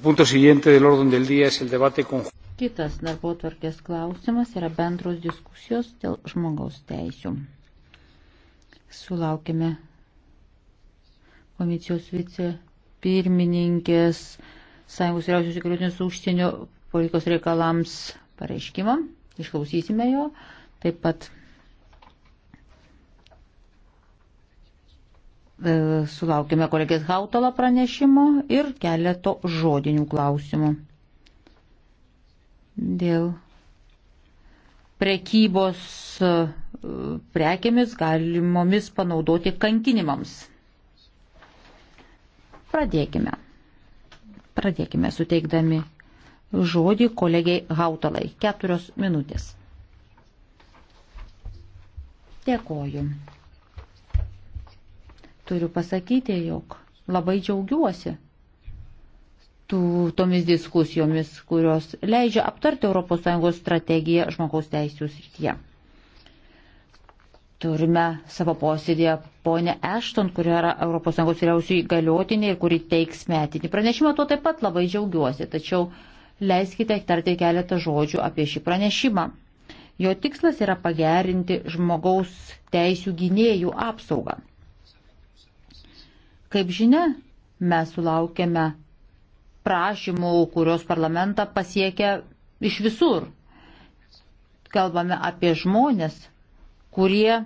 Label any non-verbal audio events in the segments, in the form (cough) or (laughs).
Kitas darbo tvarkės klausimas yra bendros diskusijos dėl žmogaus teisių. Sulaukime komisijos vicepirmininkės Sąjungos vyriausios įgaliotinės užsienio politikos reikalams pareiškimą. Išklausysime jo. Taip pat E, sulaukime kolegės Hautala pranešimo ir keleto žodinių klausimų. Dėl prekybos e, prekėmis galimomis panaudoti kankinimams. Pradėkime. Pradėkime suteikdami žodį kolegiai Hautalai. Keturios minutės. Dėkoju turiu pasakyti, jog labai džiaugiuosi tų, tomis diskusijomis, kurios leidžia aptarti ES strategiją žmogaus teisų srityje. Turime savo posėdėje ponę Ešton, kuri yra ES vyriausiai galiotinė ir kuri teiks metinį pranešimą, tuo taip pat labai džiaugiuosi, tačiau leiskite tarti keletą žodžių apie šį pranešimą. Jo tikslas yra pagerinti žmogaus teisų gynėjų apsaugą. Kaip žinia, mes sulaukėme prašymų, kurios parlamentą pasiekia iš visur. Kalbame apie žmonės, kurie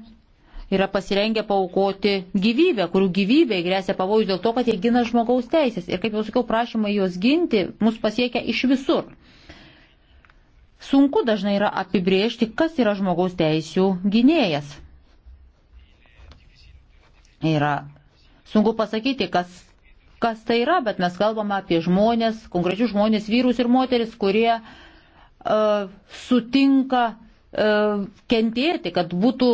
yra pasirengę paukoti gyvybę, kurių gyvybė grėsia pavojus dėl to, kad jie gina žmogaus teisės. Ir kaip jau sakiau, prašymai juos ginti mus pasiekia iš visur. Sunku dažnai yra apibriežti, kas yra žmogaus teisų gynėjas. Yra Sunku pasakyti, kas, kas tai yra, bet mes kalbame apie žmonės, konkrečius žmonės, vyrus ir moteris, kurie uh, sutinka uh, kentėti, kad būtų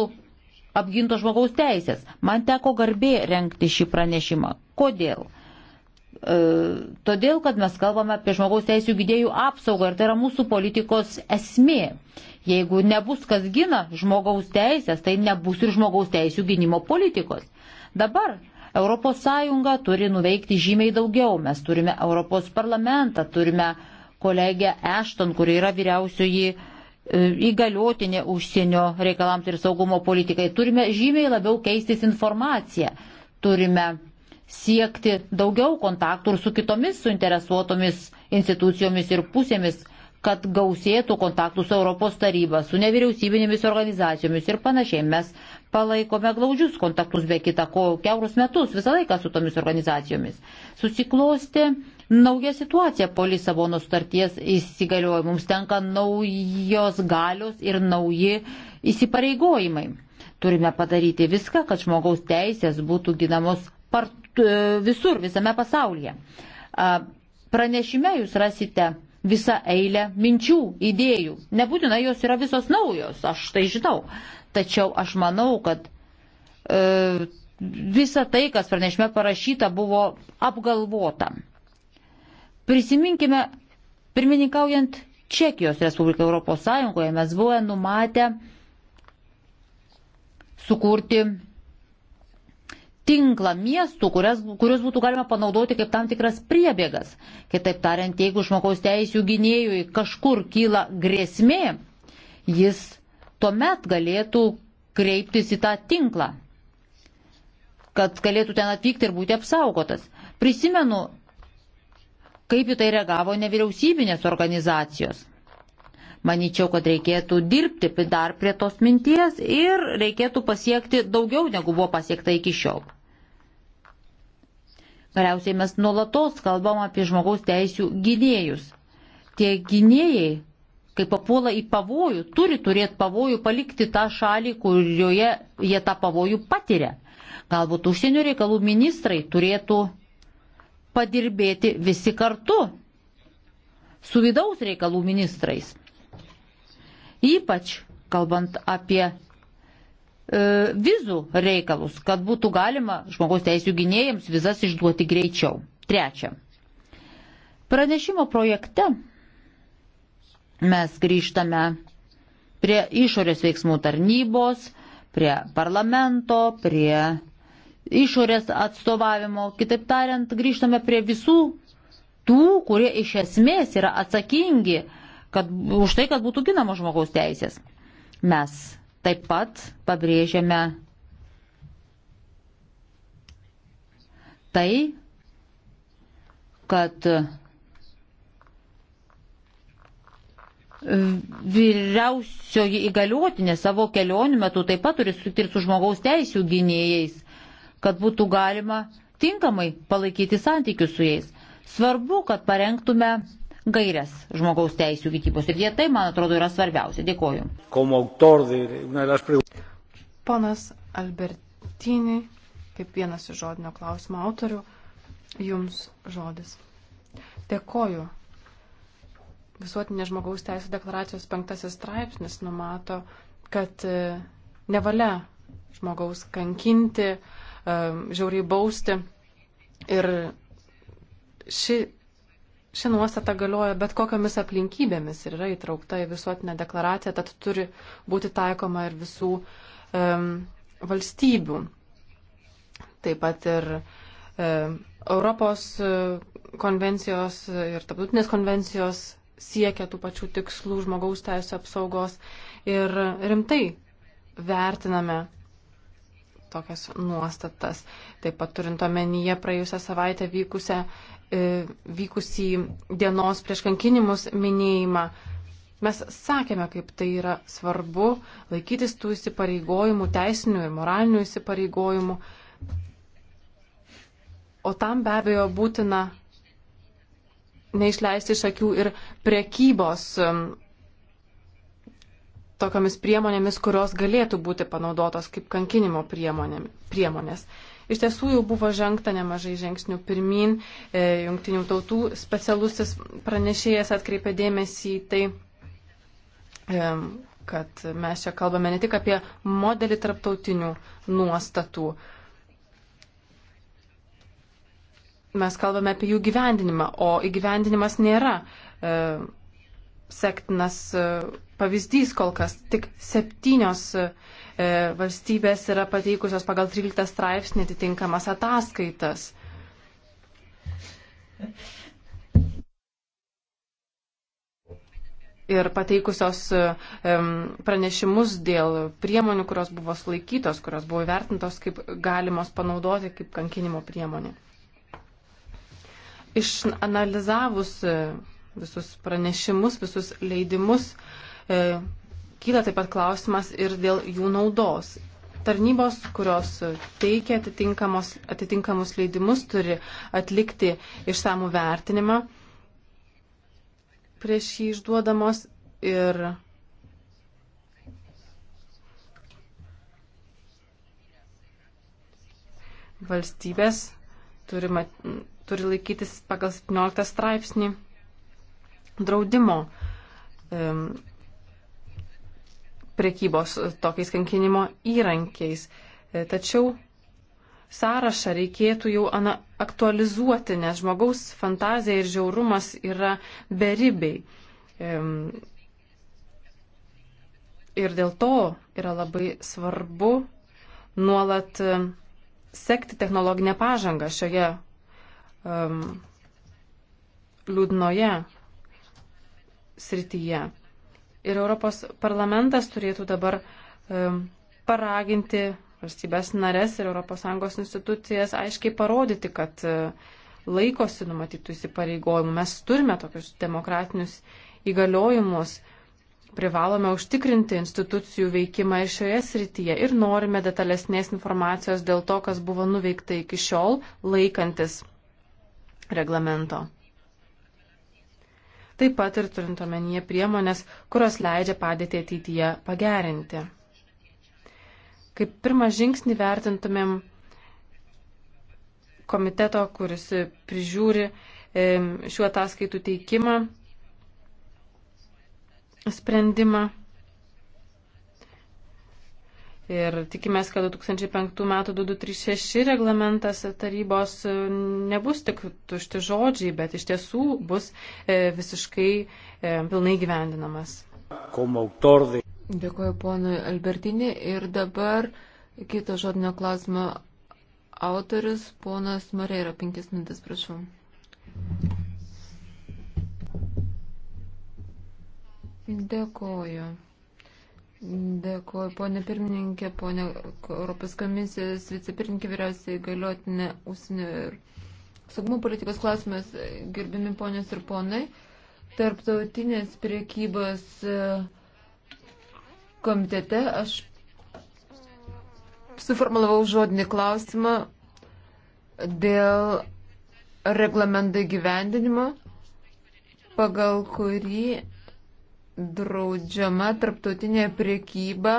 apginto žmogaus teisės. Man teko garbė renkti šį pranešimą. Kodėl? E, todėl, kad mes kalbame apie žmogaus teisų gydėjų apsaugą ir tai yra mūsų politikos esmė. Jeigu nebus kas gina žmogaus teisės, tai nebus ir žmogaus teisų gynimo politikos. Dabar ES turi nuveikti žymiai daugiau. Mes turime Europos parlamentą, turime kolegę Ešton, kuri yra vyriausioji e, įgaliotinė užsienio reikalams ir saugumo politikai. Turime žymiai labiau keistis informaciją. Turime siekti daugiau kontaktų ir su kitomis suinteresuotomis institucijomis ir pusėmis, kad gausėtų kontaktų su Europos taryba, su nevyriausybinėmis organizacijomis ir panašiai. Mes palaikome glaudžius kontaktus be kita ko keurus metus visą laiką su tomis organizacijomis. Susiklosti nauja situacija po Lisabono starties įsigaliojimo. Mums tenka naujos galios ir nauji įsipareigojimai. Turime padaryti viską, kad žmogaus teisės būtų ginamos part, e, visur, visame pasaulyje. Pranešime jūs rasite visą eilę minčių, idėjų. Nebūtinai jos yra visos naujos, aš tai žinau. Tačiau aš manau, kad e, visa tai, kas pranešime parašyta, buvo apgalvota. Prisiminkime, pirmininkaujant Čekijos Respubliką Europos Sąjungoje mes buvome numatę sukurti tinklą miestų, kurias, kurios būtų galima panaudoti kaip tam tikras priebėgas. Kitaip tariant, jeigu žmogaus teisų gynėjui kažkur kyla grėsmė, jis tuomet galėtų kreiptis į tą tinklą, kad galėtų ten atvykti ir būti apsaugotas. Prisimenu, kaip į tai reagavo nevyriausybinės organizacijos. Maničiau, kad reikėtų dirbti dar prie tos minties ir reikėtų pasiekti daugiau, negu buvo pasiekta iki šiol. Galiausiai mes nuolatos kalbam apie žmogaus teisų gynėjus. Tie gynėjai, kai papuola į pavojų, turi turėti pavojų palikti tą šalį, kurioje jie tą pavojų patiria. Galbūt užsienio reikalų ministrai turėtų padirbėti visi kartu su vidaus reikalų ministrais. Ypač kalbant apie e, vizų reikalus, kad būtų galima žmogaus teisų gynėjams vizas išduoti greičiau. Trečia. Pranešimo projekte mes grįžtame prie išorės veiksmų tarnybos, prie parlamento, prie išorės atstovavimo. Kitaip tariant, grįžtame prie visų tų, kurie iš esmės yra atsakingi kad už tai, kad būtų ginamos žmogaus teisės. Mes taip pat pabrėžiame tai, kad vyriausioji įgaliotinė savo kelionių metu taip pat turi sutikti su žmogaus teisų gynėjais, kad būtų galima tinkamai palaikyti santykius su jais. Svarbu, kad parengtume gairias žmogaus teisų gytybos. Ir jie tai, man atrodo, yra svarbiausia. Dėkoju. Ponas Albertini, kaip vienas iš žodinio klausimo autorių, jums žodis. Dėkoju. Visuotinė žmogaus teisų deklaracijos penktasis straipsnis numato, kad e, nevalia žmogaus kankinti, e, žiauriai bausti. Ir ši Ši nuostata galioja bet kokiamis aplinkybėmis ir yra įtraukta į visuotinę deklaraciją, tad turi būti taikoma ir visų um, valstybių. Taip pat ir um, Europos e, konvencijos ir tarptautinės konvencijos siekia tų pačių tikslų žmogaus teisų apsaugos ir rimtai vertiname tokias nuostatas. Taip pat turint omenyje praėjusią savaitę vykusią E, vykusį dienos prieš kankinimus minėjimą. Mes sakėme, kaip tai yra svarbu laikytis tų įsipareigojimų, teisinių ir moralinių įsipareigojimų. O tam be abejo būtina neišleisti iš akių ir priekybos tokiamis priemonėmis, kurios galėtų būti panaudotos kaip kankinimo priemonės. Iš tiesų jau buvo žengta nemažai žingsnių pirmin. E, jungtinių tautų specialusis pranešėjas atkreipė dėmesį į tai, e, kad mes čia kalbame ne tik apie modelį tarptautinių nuostatų. Mes kalbame apie jų gyvendinimą, o įgyvendinimas nėra e, sektinas. E, pavyzdys kol kas. Tik septynios e, valstybės yra pateikusios pagal 13 straipsnį atitinkamas ataskaitas. ir pateikusios e, pranešimus dėl priemonių, kurios buvo sulaikytos, kurios buvo įvertintos kaip galimos panaudoti kaip kankinimo priemonė. Išanalizavus e, visus pranešimus, visus leidimus, E, kyla taip pat klausimas ir dėl jų naudos. Tarnybos, kurios teikia atitinkamus leidimus, turi atlikti išsamų vertinimą prieš jį išduodamos ir valstybės turi, mat, turi laikytis pagal 17 straipsnį draudimo. Um, prekybos tokiais kankinimo įrankiais. E, tačiau sąrašą reikėtų jau ana, aktualizuoti, nes žmogaus fantazija ir žiaurumas yra beribiai. Ir dėl to yra labai svarbu nuolat e, sekti technologinę pažangą šioje um, liūdnoje srityje. Ir Europos parlamentas turėtų dabar um, paraginti valstybės narės ir ES institucijas aiškiai parodyti, kad e, laikosi numatytų įsipareigojimų. Mes turime tokius demokratinius įgaliojimus, privalome užtikrinti institucijų veikimą ir šioje srityje ir norime detalesnės informacijos dėl to, kas buvo nuveikta iki šiol laikantis reglamento taip pat ir turint omenyje priemonės, kurios leidžia padėti ateityje pagerinti. Kaip pirmą žingsnį vertintumėm komiteto, kuris prižiūri šiuo ataskaitų teikimą, sprendimą. Ir tikimės, kad 2005 m. 2236 reglamentas tarybos e, nebus tik tušti žodžiai, bet iš tiesų bus e, visiškai e, pilnai gyvendinamas. Dėkuoju ponui Albertinį ir dabar kito žodinio klausimo autorius ponas Marėra, penkis mintis, prašau. Dėkuoju. Dėkuoju, ponė pirmininkė, ponė Europos komisijos vicepirmininkė vyriausiai galiotinė užsienio ir saugumo politikos klausimas, gerbimi ponios ir ponai, tarptautinės priekybos e, komitete aš suformalavau žodinį klausimą dėl reglamento gyvendinimo, pagal kurį draudžiama tarptautinė priekyba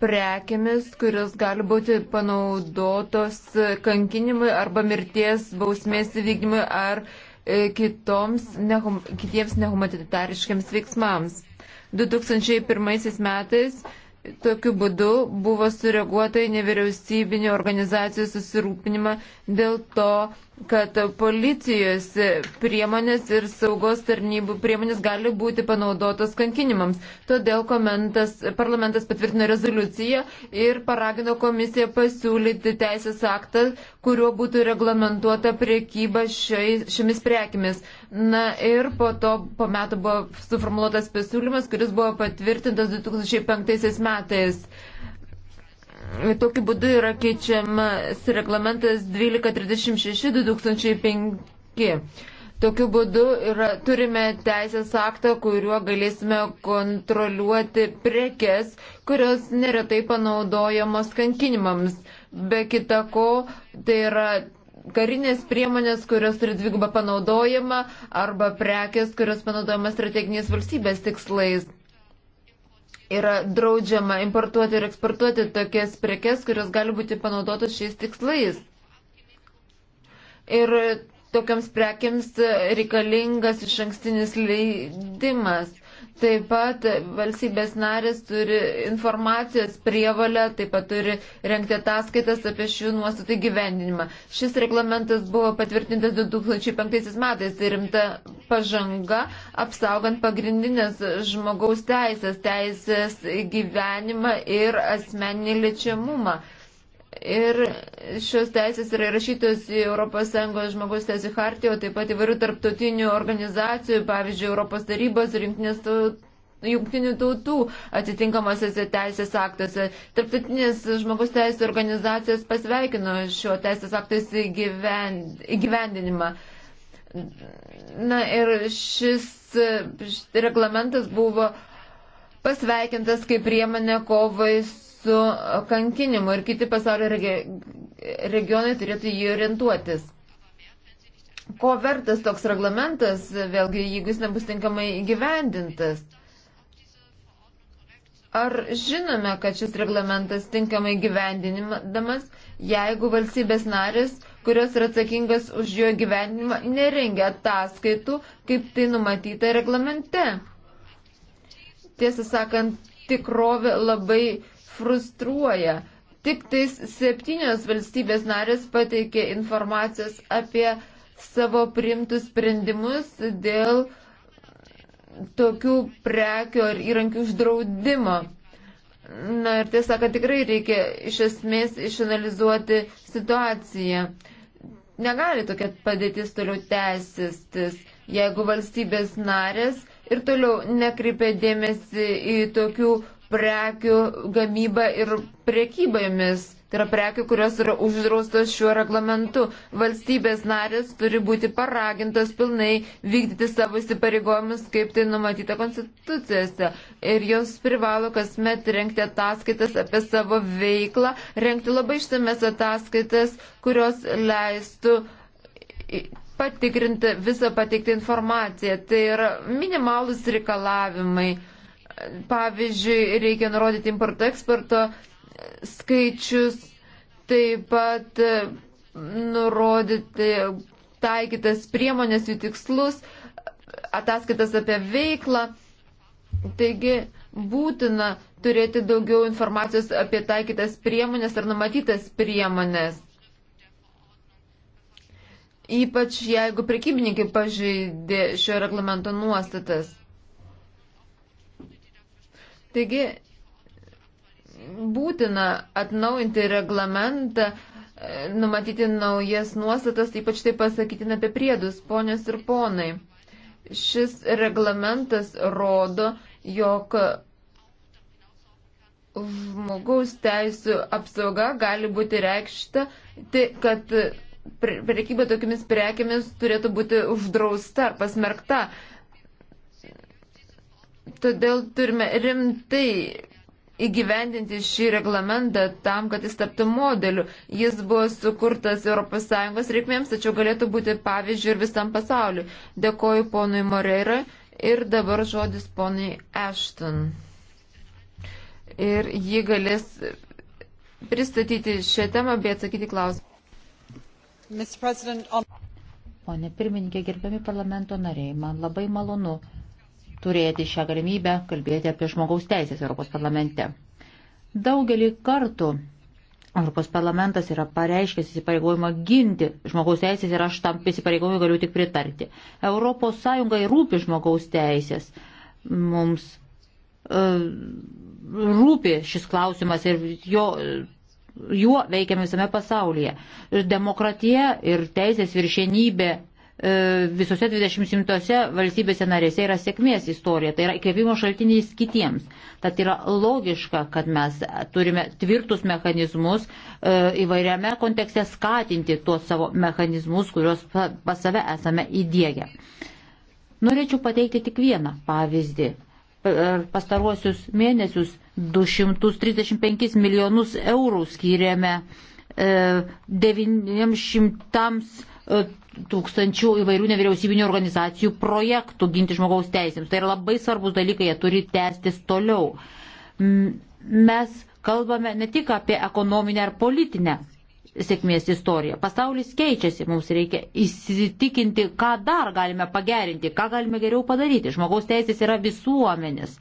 prekėmis, kurios gali būti panaudotos kankinimui arba mirties bausmės įvykdymui ar e, kitoms, nehum, kitiems nehumanitariškiams veiksmams. 2001 metais tokiu būdu buvo sureaguota į nevyriausybinio organizacijų susirūpinimą dėl to, kad policijos priemonės ir saugos tarnybų priemonės gali būti panaudotos kankinimams. Todėl parlamentas patvirtino rezoliuciją ir paragino komisiją pasiūlyti teisės aktą, kuriuo būtų reglamentuota priekyba šiai, šiomis prekimis. Na ir po to, po metų buvo suformuoluotas pasiūlymas, kuris buvo patvirtintas 2005 metais. Tokiu būdu yra keičiamas reglamentas 1236-2005. Tokiu būdu yra, turime teisės aktą, kuriuo galėsime kontroliuoti prekes, kurios neretai panaudojamos kankinimams. Be kita ko, tai yra karinės priemonės, kurios turi dvigubą panaudojimą arba prekes, kurios panaudojama strateginės valstybės tikslais yra draudžiama importuoti ir eksportuoti tokias prekes, kurios gali būti panaudotos šiais tikslais. Ir tokiams prekiams reikalingas iš ankstinis leidimas. Taip pat valstybės narės turi informacijos prievalę, taip pat turi renkti ataskaitas apie šių nuostatų gyvendinimą. Šis reglamentas buvo patvirtintas 2005 metais, tai rimta pažanga, apsaugant pagrindinės žmogaus teisės, teisės gyvenimą ir asmeninį ličiamumą. Ir šios teisės yra įrašytos į ES žmogaus teisų hartiją, taip pat įvairių tarptautinių organizacijų, pavyzdžiui, Europos tarybos ir jungtinių tautų atitinkamosiose teisės aktuose. Tarptautinės žmogaus teisų organizacijos pasveikino šio teisės aktais įgyvendinimą. Na ir šis, šis reglamentas buvo pasveikintas kaip priemonė kovai su su kankinimu ir kiti pasaulio regi regionai turėtų jį orientuotis. Ko vertas toks reglamentas, vėlgi, jeigu jis nebus tinkamai gyvendintas? Ar žinome, kad šis reglamentas tinkamai gyvendinimas, jeigu valstybės narės, kurios yra atsakingas už jo gyvendinimą, nerengia ataskaitų, kaip tai numatyta reglamente? Tiesą sakant, tikrovė labai frustruoja. Tik tais septynios valstybės narės pateikė informacijos apie savo priimtus sprendimus dėl tokių prekių ar įrankių uždraudimo. Na ir tiesą, kad tikrai reikia iš esmės išanalizuoti situaciją. Negali tokia padėtis toliau tęsistis, jeigu valstybės narės ir toliau nekreipia dėmesį į tokių prekių gamyba ir prekybomis. Tai yra prekių, kurios yra uždraustos šiuo reglamentu. Valstybės narės turi būti paragintos pilnai vykdyti savo įsipareigojimus, kaip tai numatyta konstitucijose. Ir jos privalo kasmet renkti ataskaitas apie savo veiklą, renkti labai išsames ataskaitas, kurios leistų patikrinti visą pateiktą informaciją. Tai yra minimalus reikalavimai. Pavyzdžiui, reikia nurodyti importo eksporto skaičius, taip pat e, nurodyti taikytas priemonės, jų tikslus, ataskaitas apie veiklą. Taigi būtina turėti daugiau informacijos apie taikytas priemonės ar numatytas priemonės. Ypač jeigu prekybininkai pažeidė šio reglamento nuostatas. Taigi būtina atnaujinti reglamentą, e, numatyti naujas nuostatas, ypač tai pasakytina apie priedus, ponios ir ponai. Šis reglamentas rodo, jog žmogaus teisų apsauga gali būti reikšta, tai kad prekyba tokiamis prekiamis turėtų būti uždrausta ar pasmerkta. Todėl turime rimtai įgyvendinti šį reglamentą tam, kad jis taptų modeliu. Jis buvo sukurtas ES reikmėms, tačiau galėtų būti pavyzdžių ir visam pasauliu. Dėkoju ponui Moreira ir dabar žodis ponui Ashton. Ir ji galės pristatyti šią temą bei atsakyti klausimą. Pone pirmininkė, gerbiami parlamento nariai, man labai malonu turėti šią galimybę kalbėti apie žmogaus teisės Europos parlamente. Daugelį kartų Europos parlamentas yra pareiškęs įsipareigojimą ginti žmogaus teisės ir aš tam įsipareigojimui galiu tik pritarti. Europos Sąjungai rūpi žmogaus teisės. Mums uh, rūpi šis klausimas ir jo, juo veikiam visame pasaulyje. Demokratija ir teisės viršienybė E, visose 27 valstybėse narėse yra sėkmės istorija, tai yra įkvėpimo šaltinis kitiems. Tad yra logiška, kad mes turime tvirtus mechanizmus e, įvairiame kontekste skatinti tuos savo mechanizmus, kuriuos pas save esame įdėgę. Norėčiau pateikti tik vieną pavyzdį. Per pastaruosius mėnesius 235 milijonus eurų skiriame 900 e, tūkstančių įvairių nevyriausybinių organizacijų projektų ginti žmogaus teisėms. Tai yra labai svarbus dalykai, jie turi tęstis toliau. Mes kalbame ne tik apie ekonominę ar politinę sėkmės istoriją. Pasaulis keičiasi, mums reikia įsitikinti, ką dar galime pagerinti, ką galime geriau padaryti. Žmogaus teisės yra visuomenės.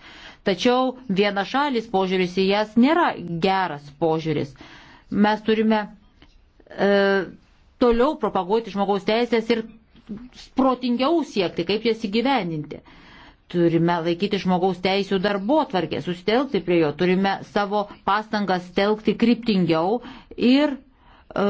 Tačiau viena šalis požiūris į jas nėra geras požiūris. Mes turime e, toliau propaguoti žmogaus teisės ir protingiau siekti, kaip jas įgyveninti. Turime laikyti žmogaus teisų darbo tvarkę, sustelkti prie jo, turime savo pastangas telkti kryptingiau ir e,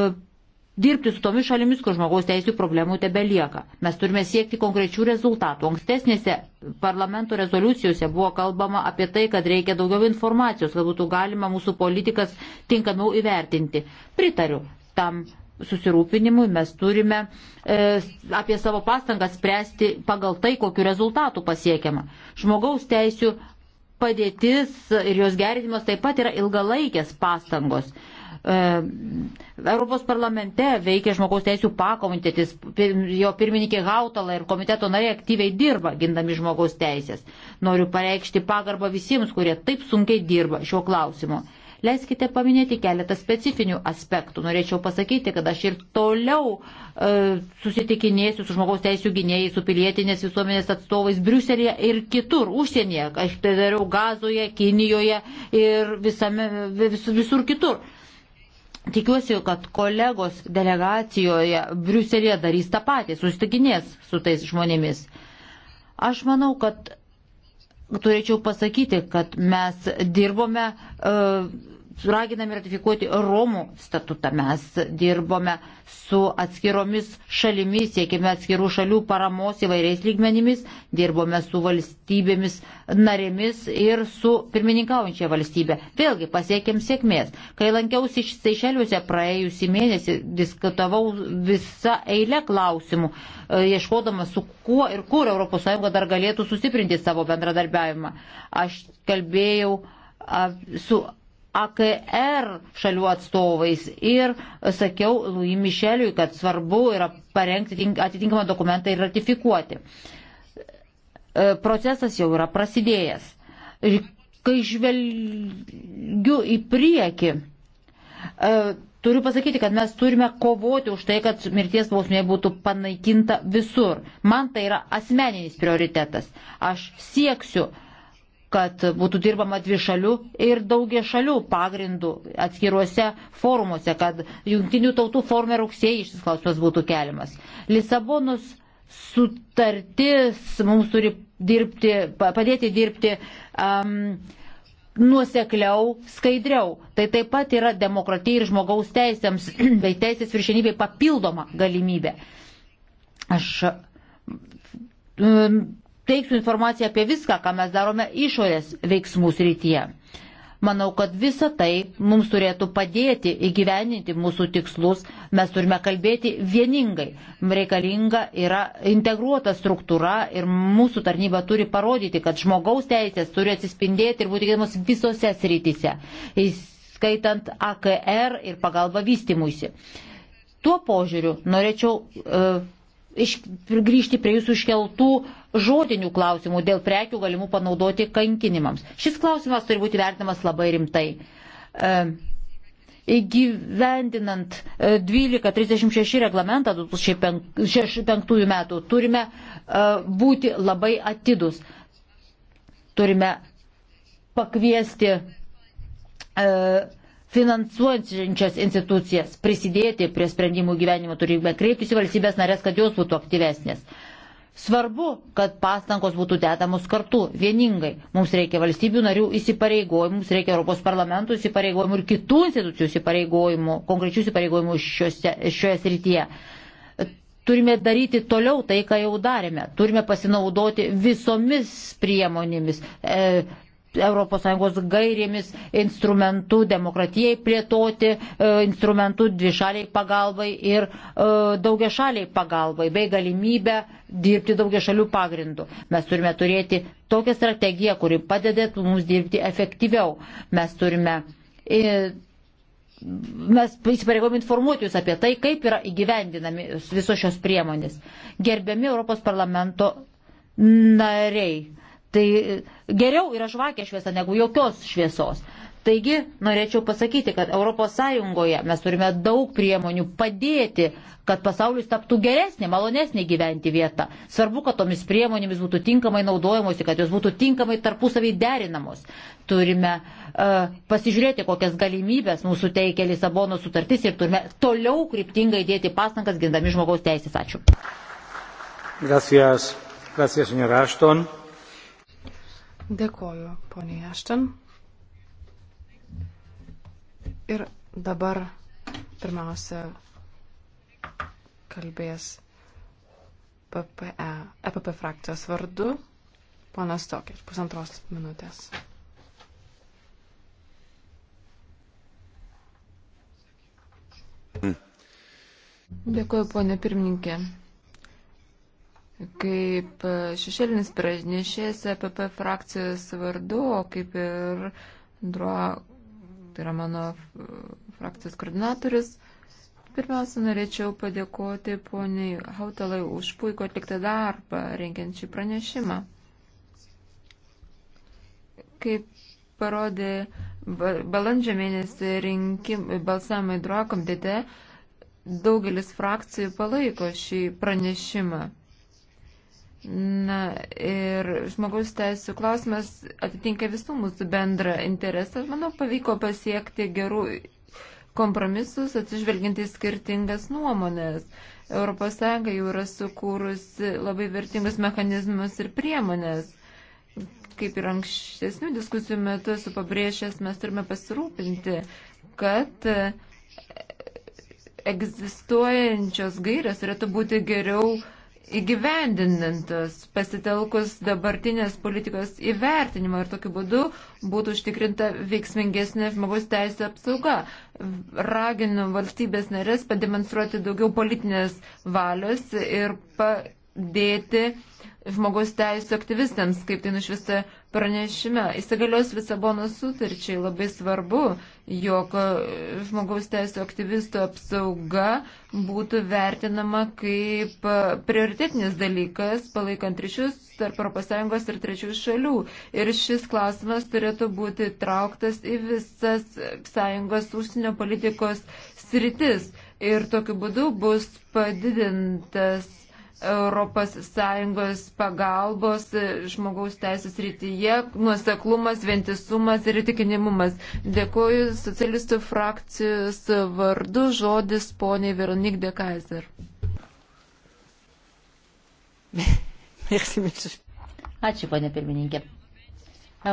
dirbti su tomis šalimis, kur žmogaus teisų problemų tebe lieka. Mes turime siekti konkrečių rezultatų. Ankstesnėse parlamento rezoliucijose buvo kalbama apie tai, kad reikia daugiau informacijos, kad būtų galima mūsų politikas tinkamiau įvertinti. Pritariu tam susirūpinimui mes turime e, apie savo pastangas spręsti pagal tai, kokiu rezultatu pasiekiama. Žmogaus teisų padėtis ir jos gerinimas taip pat yra ilgalaikės pastangos. E, Europos parlamente veikia žmogaus teisų pakomitetis, jo pirmininkė Gautala ir komiteto nariai aktyviai dirba gindami žmogaus teisės. Noriu pareikšti pagarbą visiems, kurie taip sunkiai dirba šiuo klausimu. Leiskite paminėti keletą specifinių aspektų. Norėčiau pasakyti, kad aš ir toliau e, susitikinėsiu su žmogaus teisų gynėjais, su pilietinės visuomenės atstovais Briuselėje ir kitur, užsienyje. Aš tai dariau Gazoje, Kinijoje ir visame, vis, visur kitur. Tikiuosi, kad kolegos delegacijoje Briuselėje darys tą patį, susitikinės su tais žmonėmis. Aš manau, kad turėčiau pasakyti, kad mes dirbome. Uh, raginami ratifikuoti Romų statutą. Mes dirbome su atskiromis šalimis, siekime atskirų šalių paramos įvairiais lygmenimis, dirbome su valstybėmis narėmis ir su pirmininkaujančia valstybė. Vėlgi pasiekėm sėkmės. Kai lankiausi Seišeliuose praėjusį mėnesį, diskutavau visą eilę klausimų, e, ieškodama su kuo ir kur ES dar galėtų sustiprinti savo bendradarbiavimą. Aš kalbėjau su AKR šalių atstovais ir sakiau Louis Mišeliui, kad svarbu yra parengti atitinkamą dokumentą ir ratifikuoti. E, procesas jau yra prasidėjęs. Kai žvelgiu į priekį, e, turiu pasakyti, kad mes turime kovoti už tai, kad mirties bausmė būtų panaikinta visur. Man tai yra asmeninis prioritetas. Aš sieksiu kad būtų dirbama dvi šalių ir daugia šalių pagrindų atskiruose forumuose, kad jungtinių tautų forume rugsėjai šis klausimas būtų keliamas. Lisabonos sutartis mums turi dirbti, padėti dirbti um, nuosekliau, skaidriau. Tai taip pat yra demokratija ir žmogaus teisėms (clears throat) bei teisės viršenybei papildoma galimybė. Aš teiksiu informaciją apie viską, ką mes darome išorės veiksmų srityje. Manau, kad visa tai mums turėtų padėti įgyveninti mūsų tikslus. Mes turime kalbėti vieningai. Reikalinga yra integruota struktūra ir mūsų tarnyba turi parodyti, kad žmogaus teisės turi atsispindėti ir būti gėdamos visose srityse, įskaitant AKR ir pagalbą vystimuisi. Tuo požiūriu norėčiau. Uh, grįžti prie jūsų iškeltų žodinių klausimų dėl prekių galimų panaudoti kankinimams. Šis klausimas turi būti vertinamas labai rimtai. E, įgyvendinant 1236 e, reglamentą 2005 metų turime e, būti labai atidus. Turime pakviesti finansuojančias institucijas prisidėti prie sprendimų gyvenimo, turime kreiptis į valstybės narės, kad jos būtų aktyvesnės. Svarbu, kad pastangos būtų dedamos kartu, vieningai. Mums reikia valstybių narių įsipareigojimų, mums reikia Europos parlamentų įsipareigojimų ir kitų institucijų įsipareigojimų, konkrečių įsipareigojimų šiose, šioje srityje. Turime daryti toliau tai, ką jau darėme. Turime pasinaudoti visomis priemonėmis. E, ES gairėmis, instrumentų demokratijai plėtoti, e, instrumentų dvišaliai pagalbai ir e, daugiašaliai pagalbai, bei galimybę dirbti daugiašalių pagrindų. Mes turime turėti tokią strategiją, kuri padedėtų mums dirbti efektyviau. Mes turime. E, mes įsipareigom informuoti Jūs apie tai, kaip yra įgyvendinami visos šios priemonės. Gerbiami Europos parlamento nariai Tai geriau yra žvakė šviesa negu jokios šviesos. Taigi norėčiau pasakyti, kad ES mes turime daug priemonių padėti, kad pasaulis taptų geresnė, malonesnė gyventi vieta. Svarbu, kad tomis priemonėmis būtų tinkamai naudojamosi, kad jos būtų tinkamai tarpusavį derinamos. Turime uh, pasižiūrėti, kokias galimybės mūsų teikia Lisabono sutartis ir turime toliau kryptingai dėti pastangas gindami žmogaus teisės. Ačiū. Gracias. Gracias, señora Ashton. Dėkoju, poniai Ešten. Ir dabar pirmiausia kalbės PPE, EPP frakcijos vardu ponas Tokis, pusantros minutės. Dėkuoju, ponė pirmininkė. Kaip šešėlinis pranešėjas EPP frakcijos vardu, kaip ir Druo, tai yra mano frakcijos koordinatorius, pirmiausia, norėčiau padėkoti poniai Hautalai už puikų atliktą darbą, rengiant šį pranešimą. Kaip parodė balandžio mėnesį rinkim, balsamai Druo komitete, daugelis frakcijų palaiko šį pranešimą. Na ir žmogaus teisų klausimas atitinka visų mūsų bendrą interesą. Manau, pavyko pasiekti gerų kompromisus, atsižvelginti skirtingas nuomonės. ES jau yra sukūrusi labai vertingus mechanizmus ir priemonės. Kaip ir ankstesnių diskusijų metu esu pabrėžęs, mes turime pasirūpinti, kad egzistuojančios gairės turėtų būti geriau uh, įgyvendinantis, pasitelkus dabartinės politikos įvertinimą ir tokiu būdu būtų užtikrinta veiksmingesnė žmogus teisė apsauga. Raginu valstybės narės pademonstruoti daugiau politinės valios ir padėti žmogaus teisų aktyvistams, kaip tai nušvista pranešime. Įsigalios Lisabono sutarčiai labai svarbu, jog žmogaus teisų aktyvistų apsauga būtų vertinama kaip prioritetinis dalykas, palaikant ryšius tarp ES ir trečiųjų šalių. Ir šis klausimas turėtų būti trauktas į visas sąjungos užsienio politikos sritis. Ir tokiu būdu bus padidintas ES pagalbos žmogaus teisės rytyje nuoseklumas, vientisumas ir įtikinimumas. Dėkuoju socialistų frakcijos vardu, žodis poniai Veronik de Kaiser. (laughs) Ačiū, ponė pirmininkė.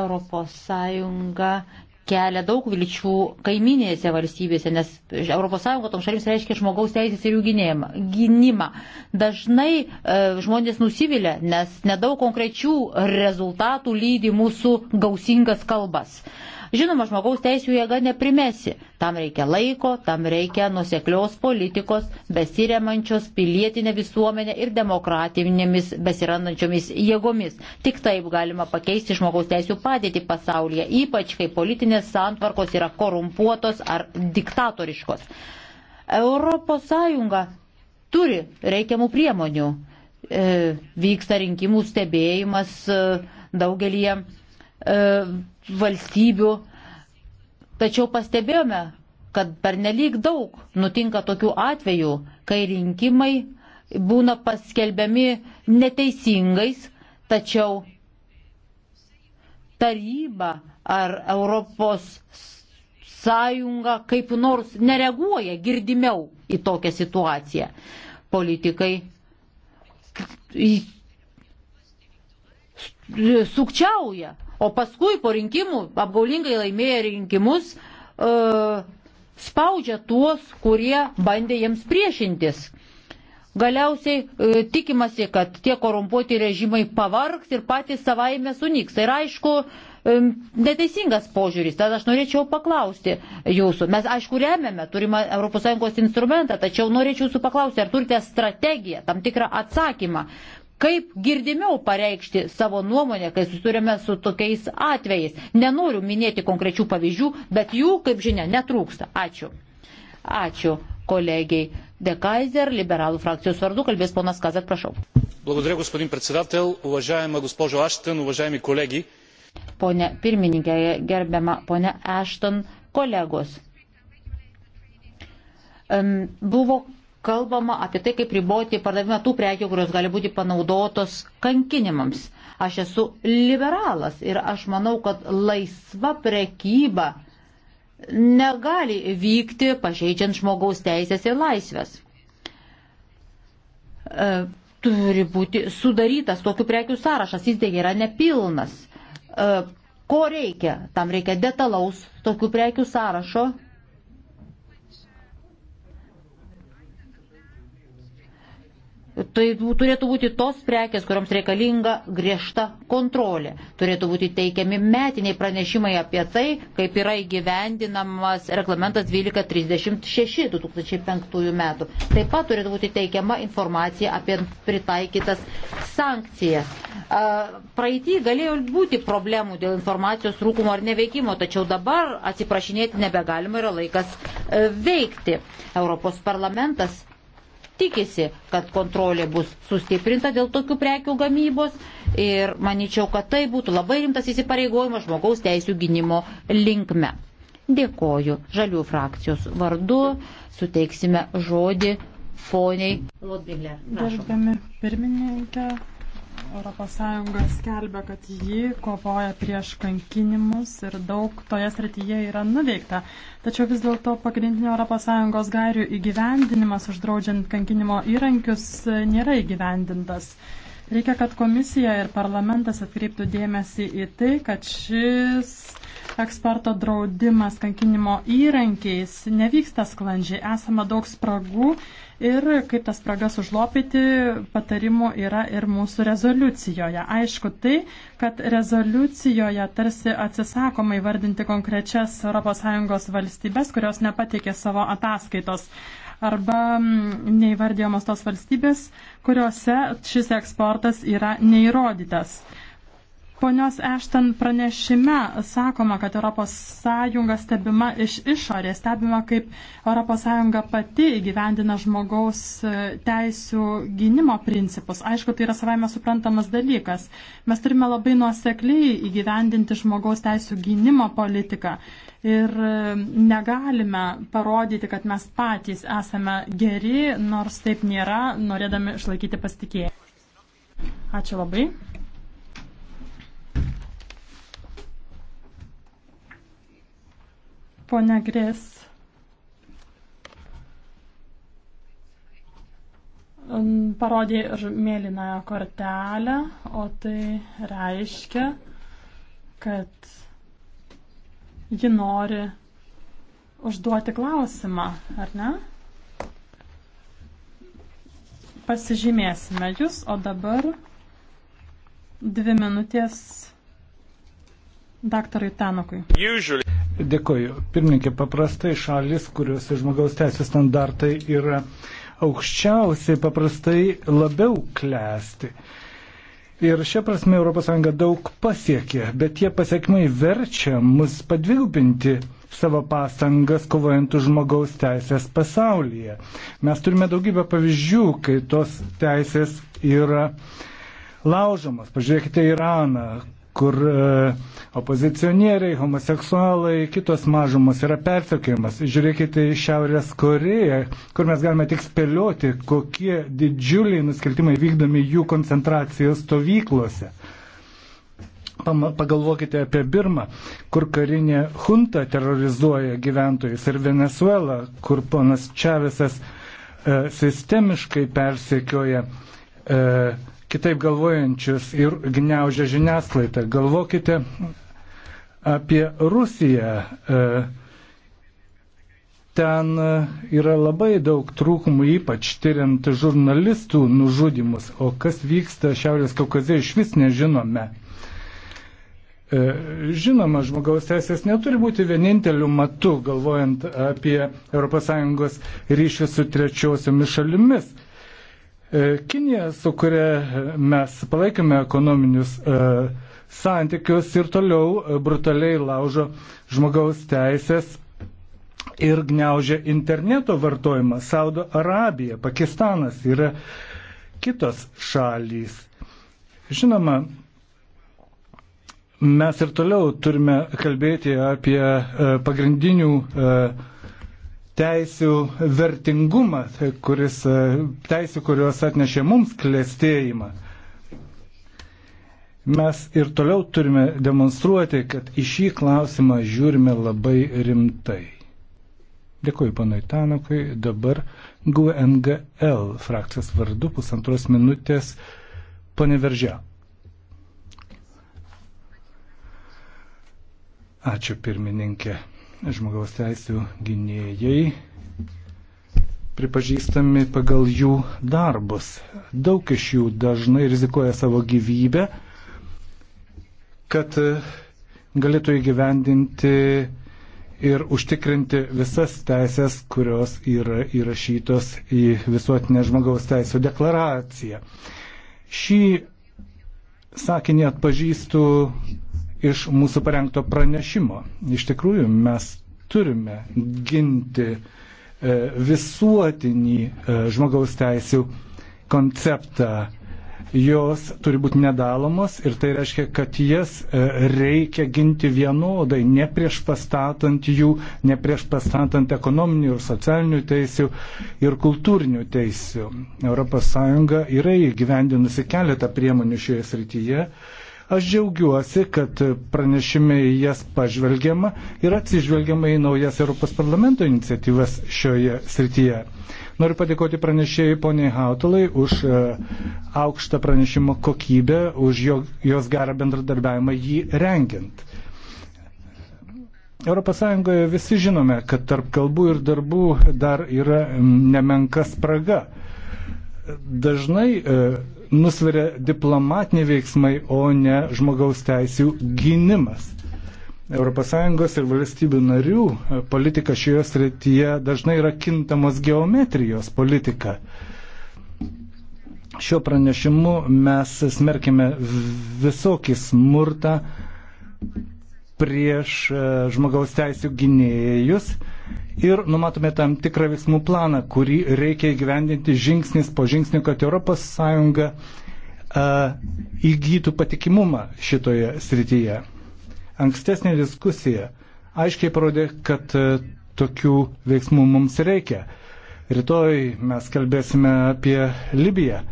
Europos Sąjunga kelia daug vilčių kaiminėse valstybėse, nes ES tom šalims reiškia žmogaus teisės ir jų gynėjimą, gynimą. Dažnai e, žmonės nusivilia, nes nedaug konkrečių rezultatų lydi mūsų gausingas kalbas. E, Žinoma, žmogaus teisų jėga neprimesi. Tam reikia laiko, tam reikia nuseklios politikos, besiremančios pilietinė visuomenė ir demokratinėmis besirandančiomis jėgomis. Tik taip galima pakeisti žmogaus teisų padėtį pasaulyje, ypač kai politinės santvarkos yra korumpuotos ar diktatoriškos. ES turi reikiamų priemonių. E, vyksta rinkimų stebėjimas e, daugelį E, valstybių. Tačiau pastebėjome, kad per nelik daug nutinka tokių atvejų, kai rinkimai būna paskelbiami neteisingais, tačiau taryba ar Europos sąjunga kaip nors nereaguoja girdimiau į tokią situaciją. Politikai sukčiauja O paskui po rinkimų, apgaulingai laimėję rinkimus, e, spaudžia tuos, kurie bandė jiems priešintis. Galiausiai e, tikimasi, kad tie korumpuoti režimai pavargs ir patys savaime sunyks. Ir tai aišku, e, neteisingas požiūris. Tad aš norėčiau paklausti jūsų. Mes aišku remiame, turime ES instrumentą, tačiau norėčiau jūsų paklausti, ar turite strategiją, tam tikrą atsakymą, kaip girdimiau pareikšti savo nuomonę, kai susidurėme su tokiais atvejais. Nenoriu minėti konkrečių pavyzdžių, bet jų, kaip žinia, netrūksta. Ačiū. Ačiū kolegiai De Kaiser, liberalų frakcijos vardu, kalbės ponas Kazak, prašau. Благодаря, господин председател, уважаема госпожо Аштън, уважаеми колеги. Pone pirmininkė, gerbiama pone Ašton, kolegos. Um, buvo kalbama apie tai, kaip riboti pardavimą tų prekių, kurios gali būti panaudotos kankinimams. Aš esu liberalas ir aš manau, kad laisva prekyba negali vykti pažeidžiant žmogaus teisės ir laisvės. E, turi būti sudarytas tokių prekių sąrašas, jis dėja yra nepilnas. E, ko reikia? Tam reikia detalaus tokių prekių sąrašo Tai turėtų būti tos prekes, kuriams reikalinga griežta kontrolė. Turėtų būti teikiami metiniai pranešimai apie tai, kaip yra įgyvendinamas reglamentas 1236 2005 metų. Taip pat turėtų būti teikiama informacija apie pritaikytas sankcijas. Praeitį galėjo būti problemų dėl informacijos trūkumo ar neveikimo, tačiau dabar atsiprašinėti nebegalima yra laikas e, veikti. Europos parlamentas tikisi, kad kontrolė bus sustiprinta dėl tokių prekių gamybos ir manyčiau, kad tai būtų labai rimtas įsipareigojimas žmogaus teisų gynimo linkme. Dėkoju žalių frakcijos vardu, suteiksime žodį poniai Lodbigler. Gerbami pirmininkę, ES skelbia, kad ji kovoja prieš kankinimus ir daug toje srityje yra nuveikta. Tačiau vis dėlto pagrindinio ES gairių įgyvendinimas uždraudžiant kankinimo įrankius nėra įgyvendintas. Reikia, kad komisija ir parlamentas atkreiptų dėmesį į tai, kad šis eksporto draudimas kankinimo įrankiais nevyksta sklandžiai. Esama daug spragų Ir kaip tas spragas užlopyti, patarimų yra ir mūsų rezoliucijoje. Aišku, tai, kad rezoliucijoje tarsi atsisakoma įvardinti konkrečias ES valstybės, kurios nepateikė savo ataskaitos arba neįvardėjamos tos valstybės, kuriuose šis eksportas yra neįrodytas. Ponios Ešten pranešime sakoma, kad ES stebima iš išorės, stebima, kaip ES pati įgyvendina žmogaus e, teisų gynimo principus. Aišku, tai yra savaime suprantamas dalykas. Mes turime labai nuosekliai įgyvendinti žmogaus teisų gynimo politiką ir e, negalime parodyti, kad mes patys esame geri, nors taip nėra, norėdami išlaikyti pasitikėjimą. Ačiū labai. Pone Grės. Parodė ir mėlynąją kortelę, o tai reiškia, kad ji nori užduoti klausimą, ar ne? Pasižymėsime jūs, o dabar dvi minutės daktarui Tanukui. Usually. Dėkoju. Pirmininkė, paprastai šalis, kuriuose žmogaus teisės standartai yra aukščiausiai, paprastai labiau klesti. Ir šia prasme ES daug pasiekė, bet tie pasiekmai verčia mus padvigubinti savo pastangas kovojant už žmogaus teisės pasaulyje. Mes turime daugybę pavyzdžių, kai tos teisės yra laužomas. Pažiūrėkite Iraną, kur e, opozicionieriai, homoseksualai, kitos mažumos yra persekiojamas. Žiūrėkite į Šiaurės Koreją, kur mes galime tik spėlioti, kokie didžiuliai nusikaltimai vykdomi jų koncentracijos stovyklose. Pagalvokite apie Birmą, kur karinė junta terrorizuoja gyventojus ir Venezuelą, kur ponas Čavesas e, sistemiškai persekioja e, kitaip galvojančius ir gneužia žiniasklaidą. Galvokite apie Rusiją. E, ten e, yra labai daug trūkumų, ypač tyriant žurnalistų nužudimus, o kas vyksta Šiaurės Kaukazė iš vis nežinome. E, žinoma, žmogaus teisės neturi būti vieninteliu matu, galvojant apie ES ryšį su trečiosiomis šalimis. E, Kinija, su kuria mes palaikome ekonominius e, santykius ir toliau e, brutaliai laužo žmogaus teisės ir gneužia interneto vartojimą. Saudo Arabija, Pakistanas yra kitos šalys. Žinoma, mes ir toliau turime kalbėti apie pagrindinių teisių vertingumą, kuris, e, teisių, kurios atnešė mums klėstėjimą. Mes ir toliau turime demonstruoti, kad į šį klausimą žiūrime labai rimtai. Dėkuoju panai Tanukui, dabar GUNGL frakcijos vardu pusantros minutės paneveržia. Ačiū pirmininkė žmogaus teisų gynėjai pripažįstami pagal jų darbus. Daug iš jų dažnai rizikuoja savo gyvybę, kad e, galėtų įgyvendinti ir užtikrinti visas teisės, kurios yra įrašytos į visuotinę žmogaus teisų deklaraciją. Šį sakinį atpažįstu iš mūsų parengto pranešimo. Iš tikrųjų, mes turime ginti e, visuotinį e, žmogaus teisų konceptą. Jos turi būti nedalomos ir tai reiškia, kad jas e, reikia ginti vienodai, neprieš pastatant jų, neprieš pastatant ekonominių ir socialinių teisių ir kultūrinių teisių. ES yra įgyvendinusi keletą priemonių šioje srityje Aš džiaugiuosi, kad pranešime į jas pažvelgiama ir atsižvelgiama į naujas Europos parlamento iniciatyvas šioje srityje. Noriu padėkoti pranešėjai poniai Hautalai už e, aukštą pranešimo kokybę, už jo, jos gerą bendradarbiavimą jį rengiant. ES visi žinome, kad tarp kalbų ir darbų dar yra nemenka spraga dažnai e, nusveria diplomatiniai veiksmai, o ne žmogaus teisų gynimas. ES ir valstybių narių e, politika šioje srityje dažnai yra kintamos geometrijos politika. Šiuo pranešimu mes smerkime visokį smurtą prieš e, žmogaus teisų gynėjus, ir numatome tam tikrą veiksmų planą, kurį reikia įgyvendinti žingsnis po žingsnio, kad ES įgytų patikimumą šitoje srityje. Ankstesnė diskusija aiškiai parodė, kad tokių veiksmų mums reikia. Rytoj mes kalbėsime apie Libiją.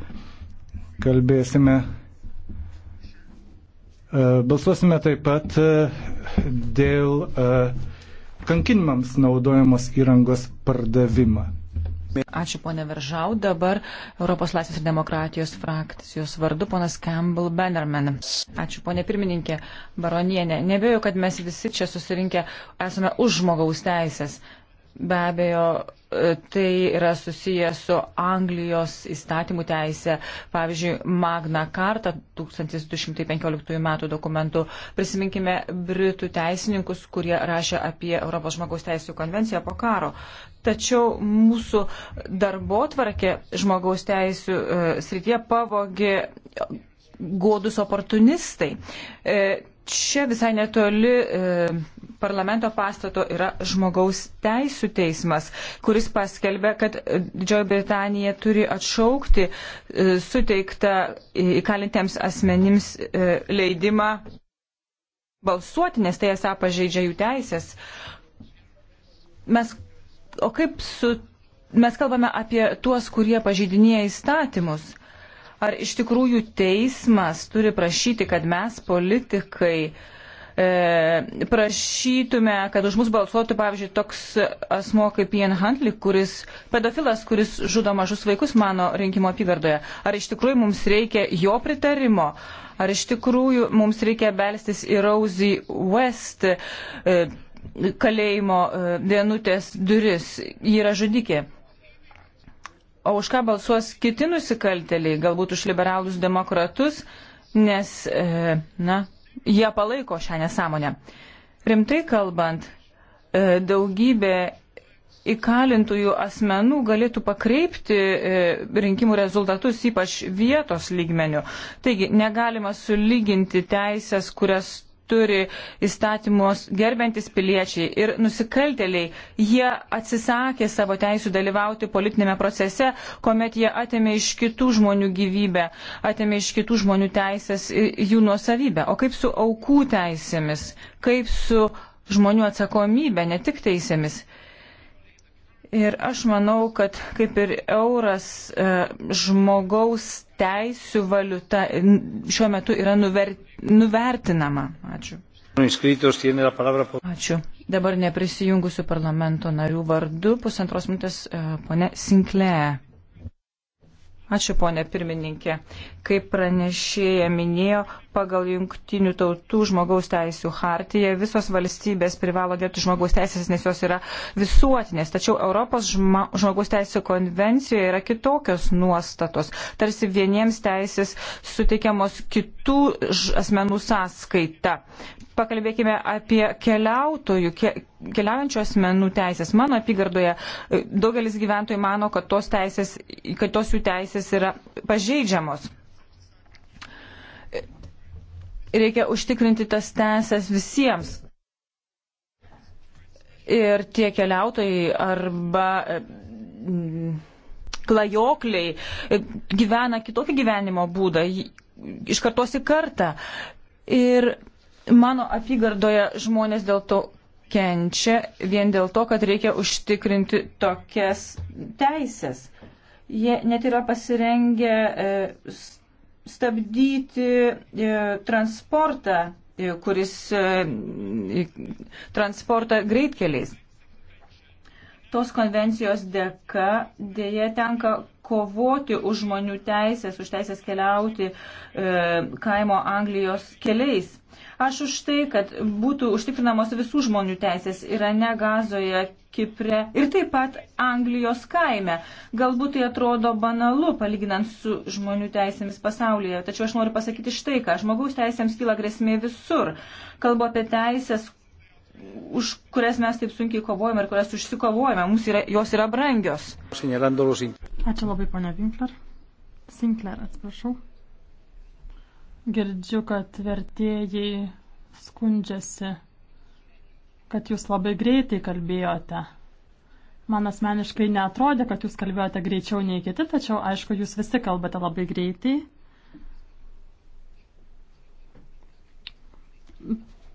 Kalbėsime, balsuosime taip pat dėl uh, kankinimams naudojamos įrangos pardavimą. Ačiū ponė Veržau. Dabar Europos laisvės ir demokratijos frakcijos vardu ponas Campbell Bannerman. Ačiū ponė pirmininkė Baronienė. Nebėjau, kad mes visi čia susirinkę esame už žmogaus teisės. Be abejo, e, tai yra susiję su Anglijos įstatymų teisė. Pavyzdžiui, Magna Carta 1215 metų dokumentų. Prisiminkime Britų teisininkus, kurie rašė apie Europos žmogaus teisų konvenciją po karo. Tačiau mūsų darbo tvarkė žmogaus teisų e, srityje pavogė godus oportunistai. E, Čia visai netoli e, parlamento pastato yra žmogaus teisų teismas, kuris paskelbė, kad e, Didžioji Britanija turi atšaukti e, suteiktą įkalintiems asmenims e, leidimą balsuoti, nes tai esą pažeidžia jų teisės. Mes, o kaip su. Mes kalbame apie tuos, kurie pažydinėja įstatymus. Ar iš tikrųjų teismas turi prašyti, kad mes politikai e, prašytume, kad už mus balsuotų, pavyzdžiui, toks asmo kaip Ian Huntley, kuris pedofilas, kuris žudo mažus vaikus mano rinkimo apygardoje. Ar iš tikrųjų mums reikia jo pritarimo? Ar iš tikrųjų mums reikia belstis į Rosie West? E, kalėjimo e, vienutės duris. Ji yra žudikė o už ką balsuos kiti nusikalteliai, galbūt už liberalus demokratus, nes, e, na, jie palaiko šią nesąmonę. Rimtai kalbant, e, daugybė įkalintųjų asmenų galėtų pakreipti e, rinkimų rezultatus, ypač vietos lygmenių. Taigi negalima sulyginti teisės, kurias turi įstatymus gerbiantis piliečiai ir nusikalteliai, jie atsisakė savo teisų dalyvauti politinėme procese, kuomet jie atėmė iš kitų žmonių gyvybę, atėmė iš kitų žmonių teisės jų nuosavybę. O kaip su aukų teisėmis, kaip su žmonių atsakomybė, ne tik teisėmis? Ir aš manau, kad kaip ir euras e, žmogaus teisų valiuta šiuo metu yra nuver, nuvertinama. Ačiū. Ačiū. Dabar neprisijungusių parlamento narių vardu pusantros minutės e, ponė Sinklė. Ačiū ponė pirmininkė. Kaip pranešėja minėjo, pagal jungtinių tautų žmogaus teisų hartiją visos valstybės privalo gerbti žmogaus teisės, nes jos yra visuotinės. Tačiau Europos žma, žmogaus teisų konvencijoje yra kitokios nuostatos. Tarsi vieniems teisės suteikiamos kitų asmenų sąskaita. Pakalbėkime apie keliautojų, ke, keliaujančių asmenų teisės. Mano apygardoje e, daugelis gyventojų mano, kad tos, teisės, kad tos jų teisės yra pažeidžiamos reikia užtikrinti tas teisės visiems. Ir tie keliautojai arba e, klajokliai e, gyvena kitokį gyvenimo būdą, iš kartos į kartą. Ir mano apygardoje žmonės dėl to kenčia vien dėl to, kad reikia užtikrinti tokias teisės. Jie net yra pasirengę e, stabdyti e, transportą, e, kuris e, transportą greitkeliais. Tos konvencijos dėka dėje tenka kovoti už žmonių teisės, už teisės keliauti e, kaimo Anglijos keliais. Aš už tai, kad būtų užtikrinamos visų žmonių teisės Irane, Gazoje, Kipre ir taip pat Anglijos kaime. Galbūt tai atrodo banalu, palyginant su žmonių teisėmis pasaulyje, tačiau aš noriu pasakyti štai ką. Žmogaus teisėms kyla grėsmė visur. Kalbu apie teisės, už kurias mes taip sunkiai kovojame ir kurias užsikovojame. Mums yra, jos yra brangios. Ačiū labai, ponia Winkler. Sinclair, atsiprašau. Girdžiu, kad vertėjai skundžiasi, kad jūs labai greitai kalbėjote. Man asmeniškai netrodė, kad jūs kalbėjote greičiau nei kiti, tačiau aišku, jūs visi kalbate labai greitai.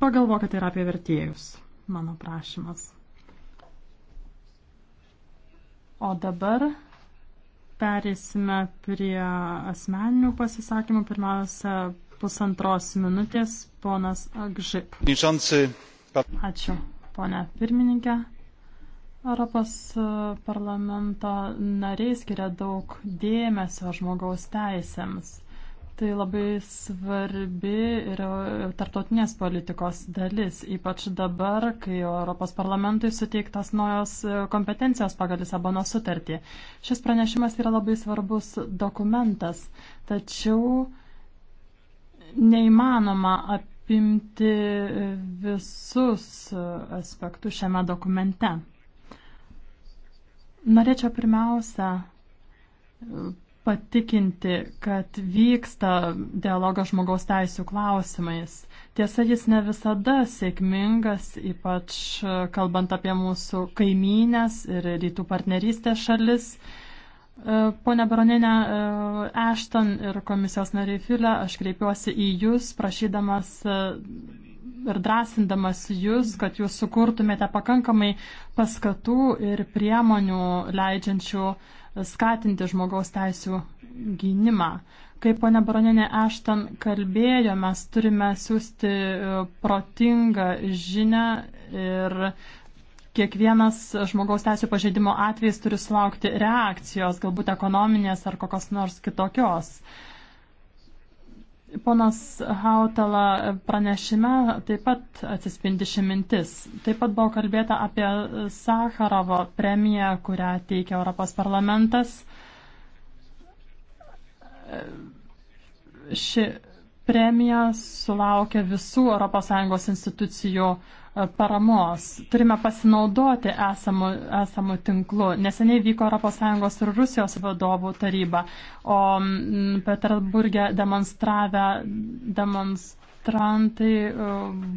Pagalvokite ir apie vertėjus, mano prašymas. O dabar Perėsime prie asmeninių pasisakymų. Pirmiausia, pusantros minutės ponas Agžip. Ačiū, ponė pirmininkė. Europos parlamento nariai skiria daug dėmesio žmogaus teisėms. Tai labai svarbi ir e, tarptautinės politikos dalis, ypač dabar, kai Europos parlamentui suteiktas naujos e, kompetencijos pagal Lisabono sutartį. Šis pranešimas yra labai svarbus dokumentas, tačiau neįmanoma apimti e, visus aspektus šiame dokumente. Norėčiau pirmiausia patikinti, kad vyksta dialogas žmogaus teisų klausimais. Tiesa, jis ne visada sėkmingas, ypač kalbant apie mūsų kaimynės ir rytų partnerystės šalis. E, Pone Baroninė Ešton ir komisijos nariai Filė, aš kreipiuosi į Jūs, prašydamas e, ir drąsindamas Jūs, kad Jūs sukurtumėte pakankamai paskatų ir priemonių leidžiančių uh, skatinti žmogaus teisų gynimą. Kaip ponia Baroninė Ešton kalbėjo, mes turime siūsti e, protingą žinę ir kiekvienas žmogaus teisų pažeidimo atvejs turi sulaukti reakcijos, galbūt ekonominės ar kokios nors kitokios. Uh, Ponas Hautala pranešime taip pat atsispindi ši mintis. Taip pat buvo kalbėta apie Sakarovo premiją, kurią teikia Europos parlamentas. Ši premija sulaukia visų ES institucijų uh, E, paramos. Turime pasinaudoti esamu, esamu tinklu. Neseniai vyko ES ir Rusijos vadovų taryba, o mm, Peterburgė demonstravę demonstrantai e,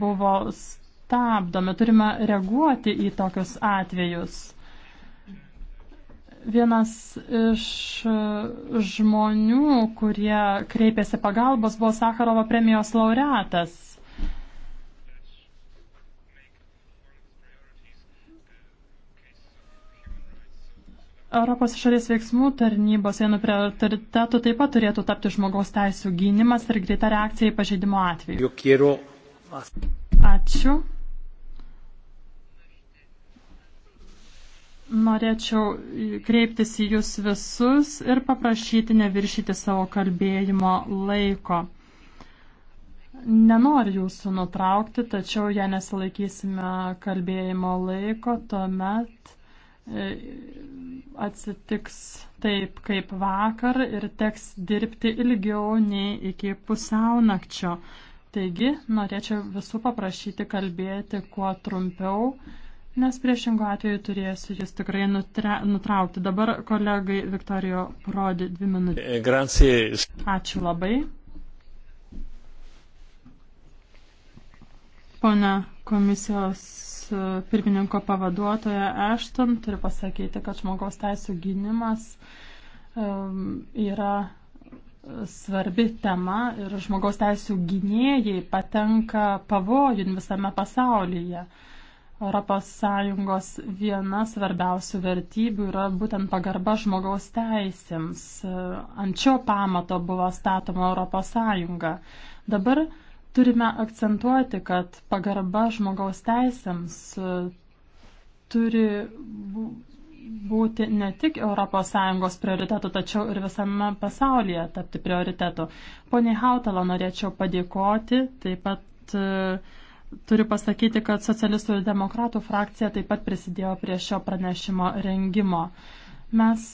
buvo stabdomi. Turime reaguoti į tokius atvejus. Vienas iš e, žmonių, kurie kreipėsi pagalbos, buvo Sakarovo premijos laureatas. Europos šalies veiksmų tarnybos vienu prioritetu taip pat turėtų tapti žmogaus teisų gynimas ir greita reakcija į pažeidimo atveju. Ačiū. Norėčiau kreiptis į jūs visus ir paprašyti neviršyti savo kalbėjimo laiko. Nenoriu jūsų nutraukti, tačiau jei nesilaikysime kalbėjimo laiko, tuomet atsitiks taip kaip vakar ir teks dirbti ilgiau nei iki pusiaunakčio. Taigi, norėčiau visų paprašyti kalbėti kuo trumpiau, nes priešingų atveju turėsiu jūs tikrai nutra nutraukti. Dabar kolegai Viktorijo Prodi dvi minutės. Ačiū labai. Pone komisijos e, pirmininko pavaduotoja Ešton turi pasakyti, kad žmogaus teisų gynimas um, yra svarbi tema ir žmogaus teisų gynėjai patenka pavojin visame pasaulyje. ES viena svarbiausių vertybių yra būtent pagarba žmogaus teisėms. E, Ančiau pamato buvo statoma ES. Dabar uh, Turime akcentuoti, kad pagarba žmogaus teisėms e, turi būti ne tik ES prioritetu, tačiau ir visame pasaulyje tapti prioritetu. Pone Hautalo norėčiau padėkoti, taip pat e, turiu pasakyti, kad socialistų ir demokratų frakcija taip pat prisidėjo prie šio pranešimo rengimo. Mes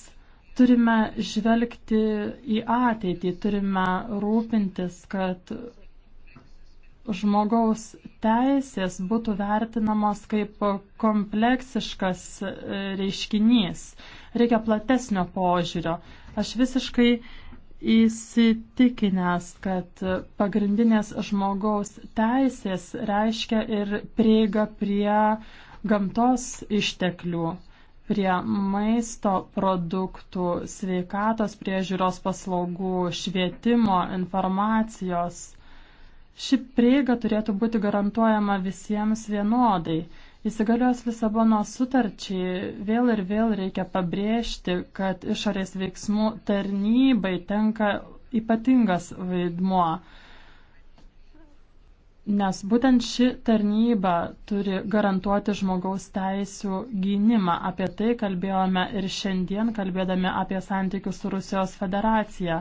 turime žvelgti į ateitį, turime rūpintis, kad žmogaus teisės būtų vertinamos kaip kompleksiškas e, reiškinys. Reikia platesnio požiūrio. Aš visiškai įsitikinęs, kad pagrindinės žmogaus teisės reiškia ir prieiga prie gamtos išteklių, prie maisto produktų, sveikatos priežiūros paslaugų, švietimo, informacijos. Ši prieiga turėtų būti garantuojama visiems vienodai. Įsigalios Lisabono sutarčiai vėl ir vėl reikia pabrėžti, kad išorės veiksmų tarnybai tenka ypatingas vaidmuo nes būtent ši tarnyba turi garantuoti žmogaus teisų gynimą. Apie tai kalbėjome ir šiandien, kalbėdami apie santykius su Rusijos federacija.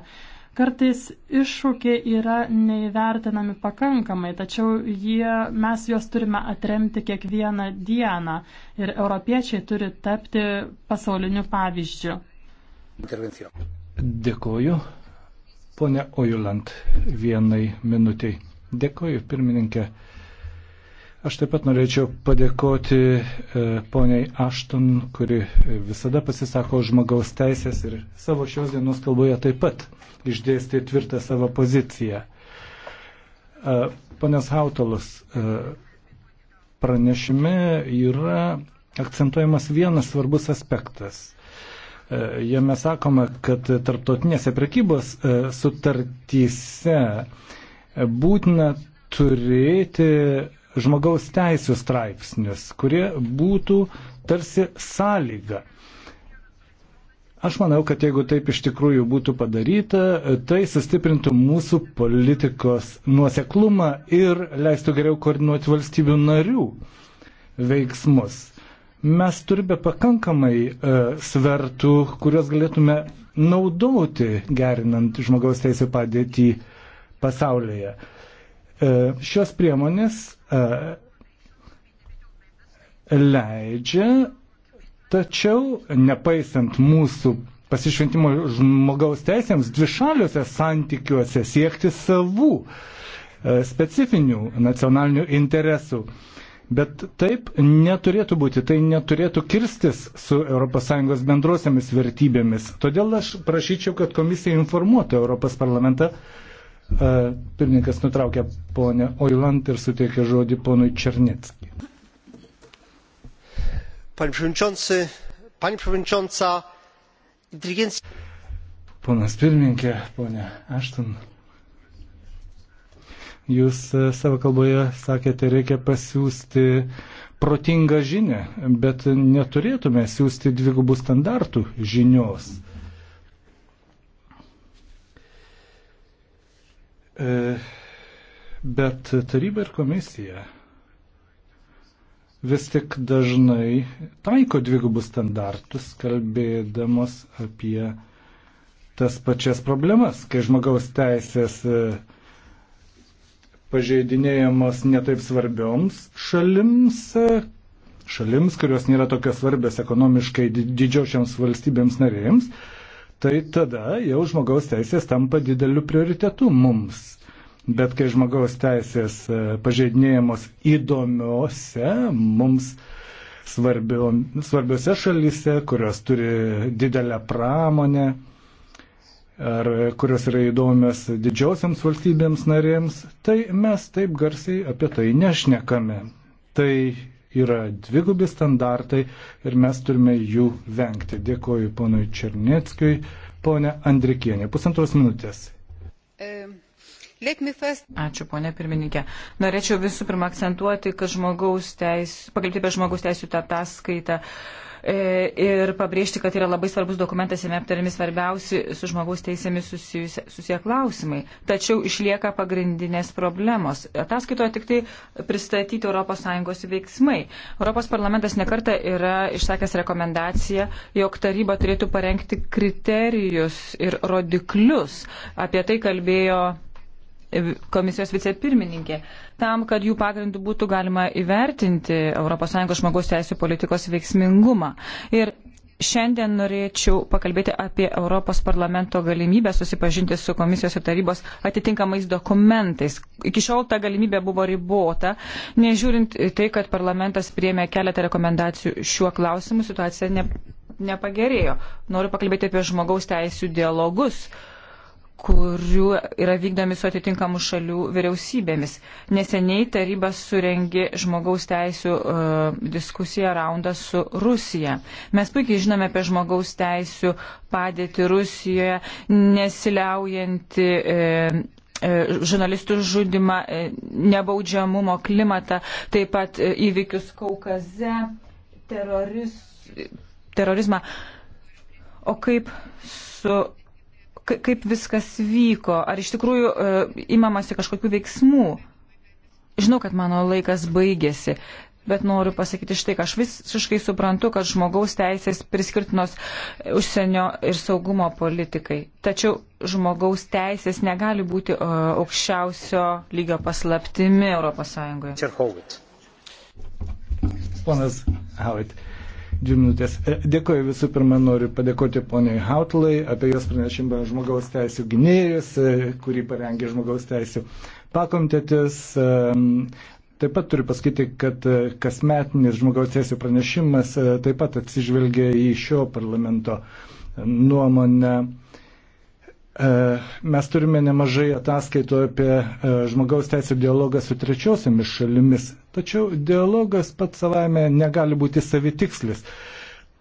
Kartais iššūkiai yra neįvertinami pakankamai, tačiau jie, mes juos turime atremti kiekvieną dieną ir europiečiai turi tapti pasauliniu pavyzdžiu. Dėkoju. Pone Ojuland, vienai minutiai. Dėkoju, pirmininkė. Aš taip pat norėčiau padėkoti e, poniai Ašton, kuri visada pasisako žmogaus teisės ir savo šios dienos kalboje taip pat išdėstė tvirtą savo poziciją. E, Panas Hautalas e, pranešime yra akcentuojamas vienas svarbus aspektas. E, jame sakoma, kad tarptautinėse prekybos e, sutartyse būtina turėti žmogaus teisų straipsnius, kurie būtų tarsi sąlyga. Aš manau, kad jeigu taip iš tikrųjų būtų padaryta, tai sustiprintų mūsų politikos nuoseklumą ir leistų geriau koordinuoti valstybių narių veiksmus. Mes turime pakankamai e, svertų, kuriuos galėtume naudoti gerinant žmogaus teisų padėtį pasaulyje. E, E, šios priemonės e, leidžia, tačiau nepaisant mūsų pasišventimo žmogaus teisėms, dvišaliuose santykiuose siekti savų e, specifinių nacionalinių interesų. Bet taip neturėtų būti, tai neturėtų kirstis su ES bendrosiamis vertybėmis. Todėl aš prašyčiau, kad komisija informuotų Europos parlamentą Pirmininkas nutraukė ponę Oiland ir suteikė žodį ponui Černetskijui. Ponas pirmininkė, ponė Ašton, jūs e, savo kalboje sakėte, reikia pasiūsti protingą žinę, bet neturėtume siūsti dvigubų standartų žinios. E, bet taryba ir komisija vis tik dažnai taiko dvigubus standartus, kalbėdamos apie tas pačias problemas, kai žmogaus teisės e, pažeidinėjamos netaip svarbioms šalims, e, šalims, kurios nėra tokios svarbios ekonomiškai didžiosioms valstybėms narėms, tai tada jau žmogaus teisės tampa dideliu prioritetu mums. Bet kai žmogaus teisės e, pažeidinėjamos įdomiose, mums svarbio, svarbiose šalyse, kurios turi didelę pramonę ar kurios yra įdomios didžiausiams valstybėms narėms, tai mes taip garsiai apie tai nešnekame. Tai yra dvigubi standartai ir mes turime jų vengti. Dėkoju ponui Černieckui. Pone Andrikienė, pusantros minutės. Ačiū, ponė pirmininkė. Norėčiau visų pirma akcentuoti, kad žmogaus teisų, pagalbti apie žmogaus teisų tą ataskaitą e, ir pabrėžti, kad yra labai svarbus dokumentas, jame aptariami svarbiausi su žmogaus teisėmis susiję klausimai. Tačiau išlieka pagrindinės problemos. Ataskaitoje tik tai pristatyti ES veiksmai. Europos parlamentas nekarta yra išsakęs rekomendaciją, jog taryba turėtų parengti kriterijus ir rodiklius. Apie tai kalbėjo komisijos vicepirmininkė, tam, kad jų pagrindų būtų galima įvertinti ES žmogaus teisų politikos veiksmingumą. Ir šiandien norėčiau pakalbėti apie Europos parlamento galimybę susipažinti su komisijos ir tarybos atitinkamais dokumentais. Iki šiol ta galimybė buvo ribota, nežiūrint tai, kad parlamentas priėmė keletą rekomendacijų šiuo klausimu, situacija ne, nepagerėjo. Noriu pakalbėti apie žmogaus teisų dialogus kurių yra vykdomi su atitinkamų šalių vyriausybėmis. Neseniai taryba surengė žmogaus teisų uh, diskusiją raundą su Rusija. Mes puikiai žinome apie žmogaus teisų padėtį Rusijoje, nesiliaujantį. Uh, e, e, žurnalistų žudimą, nebaudžiamumo klimatą, taip pat įvykius Kaukaze, teroriz, terorizmą. O kaip su kaip viskas vyko, ar iš tikrųjų e, imamasi kažkokių veiksmų. Žinau, kad mano laikas baigėsi, bet noriu pasakyti štai, kad aš visiškai suprantu, kad žmogaus teisės priskirtinos užsienio ir saugumo politikai. Tačiau žmogaus teisės negali būti e, aukščiausio lygio paslaptimi ES. Ponas Howitt, Dvi minutės. E, dėkoju visų pirma, noriu padėkoti poniai Hautlai apie jos pranešimą žmogaus teisų gynėjus, e, kurį parengė žmogaus teisų pakomitetis. E, taip pat turiu pasakyti, kad kasmetinis žmogaus teisų pranešimas taip pat atsižvelgia į šio parlamento nuomonę. E, mes turime nemažai ataskaitų apie e, žmogaus teisų dialogą su trečiosiamis šalimis, tačiau dialogas pats savame negali būti savitikslis.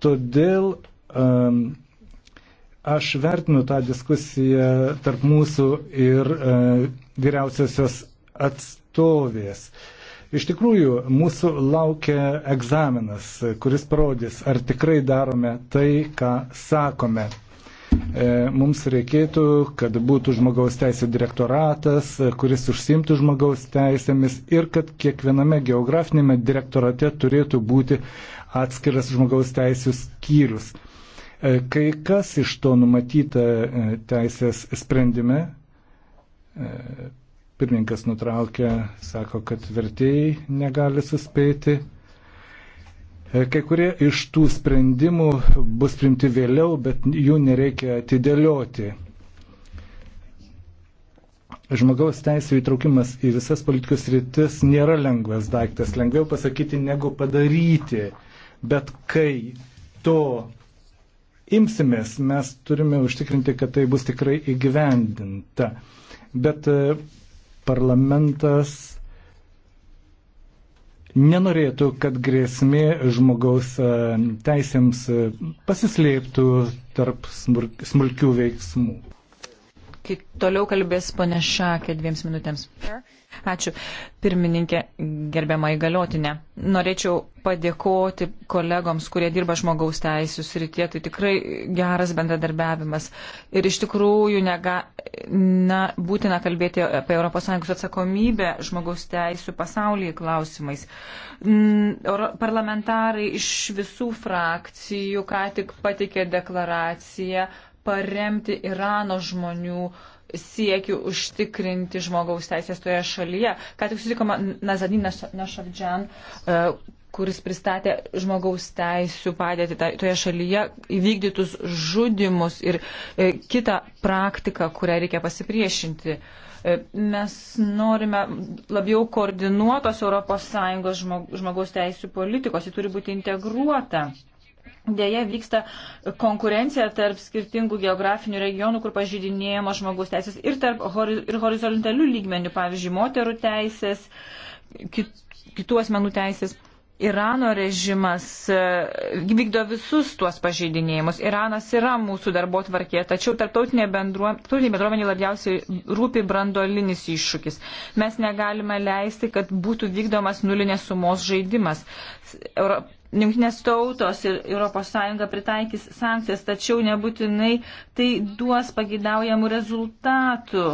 Todėl um, aš vertinu tą diskusiją tarp mūsų ir uh, vyriausiosios atstovės. Iš tikrųjų, mūsų laukia egzaminas, kuris parodys, ar tikrai darome tai, ką sakome. E, mums reikėtų, kad būtų žmogaus teisų direktoratas, e, kuris užsimtų žmogaus teisėmis ir kad kiekviename geografinėme direktorate turėtų būti atskiras žmogaus teisų skyrius. E, kai kas iš to numatyta teisės sprendime, pirmininkas nutraukia, sako, kad vertėjai negali suspėti. E, kai kurie iš tų sprendimų bus primti vėliau, bet jų nereikia atidėlioti. Žmogaus teisų įtraukimas į visas politikos rytis nėra lengvas daiktas. Lengviau pasakyti negu padaryti. Bet kai to imsimės, mes turime užtikrinti, kad tai bus tikrai įgyvendinta. Bet e, parlamentas nenorėtų, kad grėsmė žmogaus e, teisėms e, pasislėptų tarp smulkių veiksmų. Kaip toliau kalbės ponė Šakė dviems minutėms. Sure. Ačiū, pirmininkė, gerbiama įgaliotinė. Norėčiau padėkoti kolegoms, kurie dirba žmogaus teisų srityje. Tai tikrai geras bendradarbiavimas. Ir iš tikrųjų nega, na, būtina kalbėti apie ES atsakomybę žmogaus teisų pasaulyje klausimais. Mm, parlamentarai iš visų frakcijų ką tik patikė deklaraciją paremti Irano žmonių uh, siekių užtikrinti žmogaus teisės toje šalyje. Ką tik susitikome Nazadin Nešavdžian, e, kuris pristatė žmogaus teisų padėti toje šalyje, įvykdytus žudimus ir e, kitą praktiką, kurią reikia pasipriešinti. E, mes norime labiau koordinuotos ES žmogaus teisų politikos, ji turi būti integruota. Deja, vyksta konkurencija tarp skirtingų geografinių regionų, kur pažydinėjama žmogus teisės ir, tarp, ir horizontalių lygmenių, pavyzdžiui, moterų teisės, kit, kitų asmenų teisės. Irano režimas e, vykdo visus tuos pažeidinėjimus. Iranas yra mūsų darbo tvarkė, tačiau tarptautinė bendruomenė, bendruomenė labiausiai rūpi brandolinis iššūkis. Mes negalime leisti, kad būtų vykdomas nulinės sumos žaidimas. Europ Junktinės tautos ir ES pritaikys sankcijas, tačiau nebūtinai tai duos pagidaujamų rezultatų.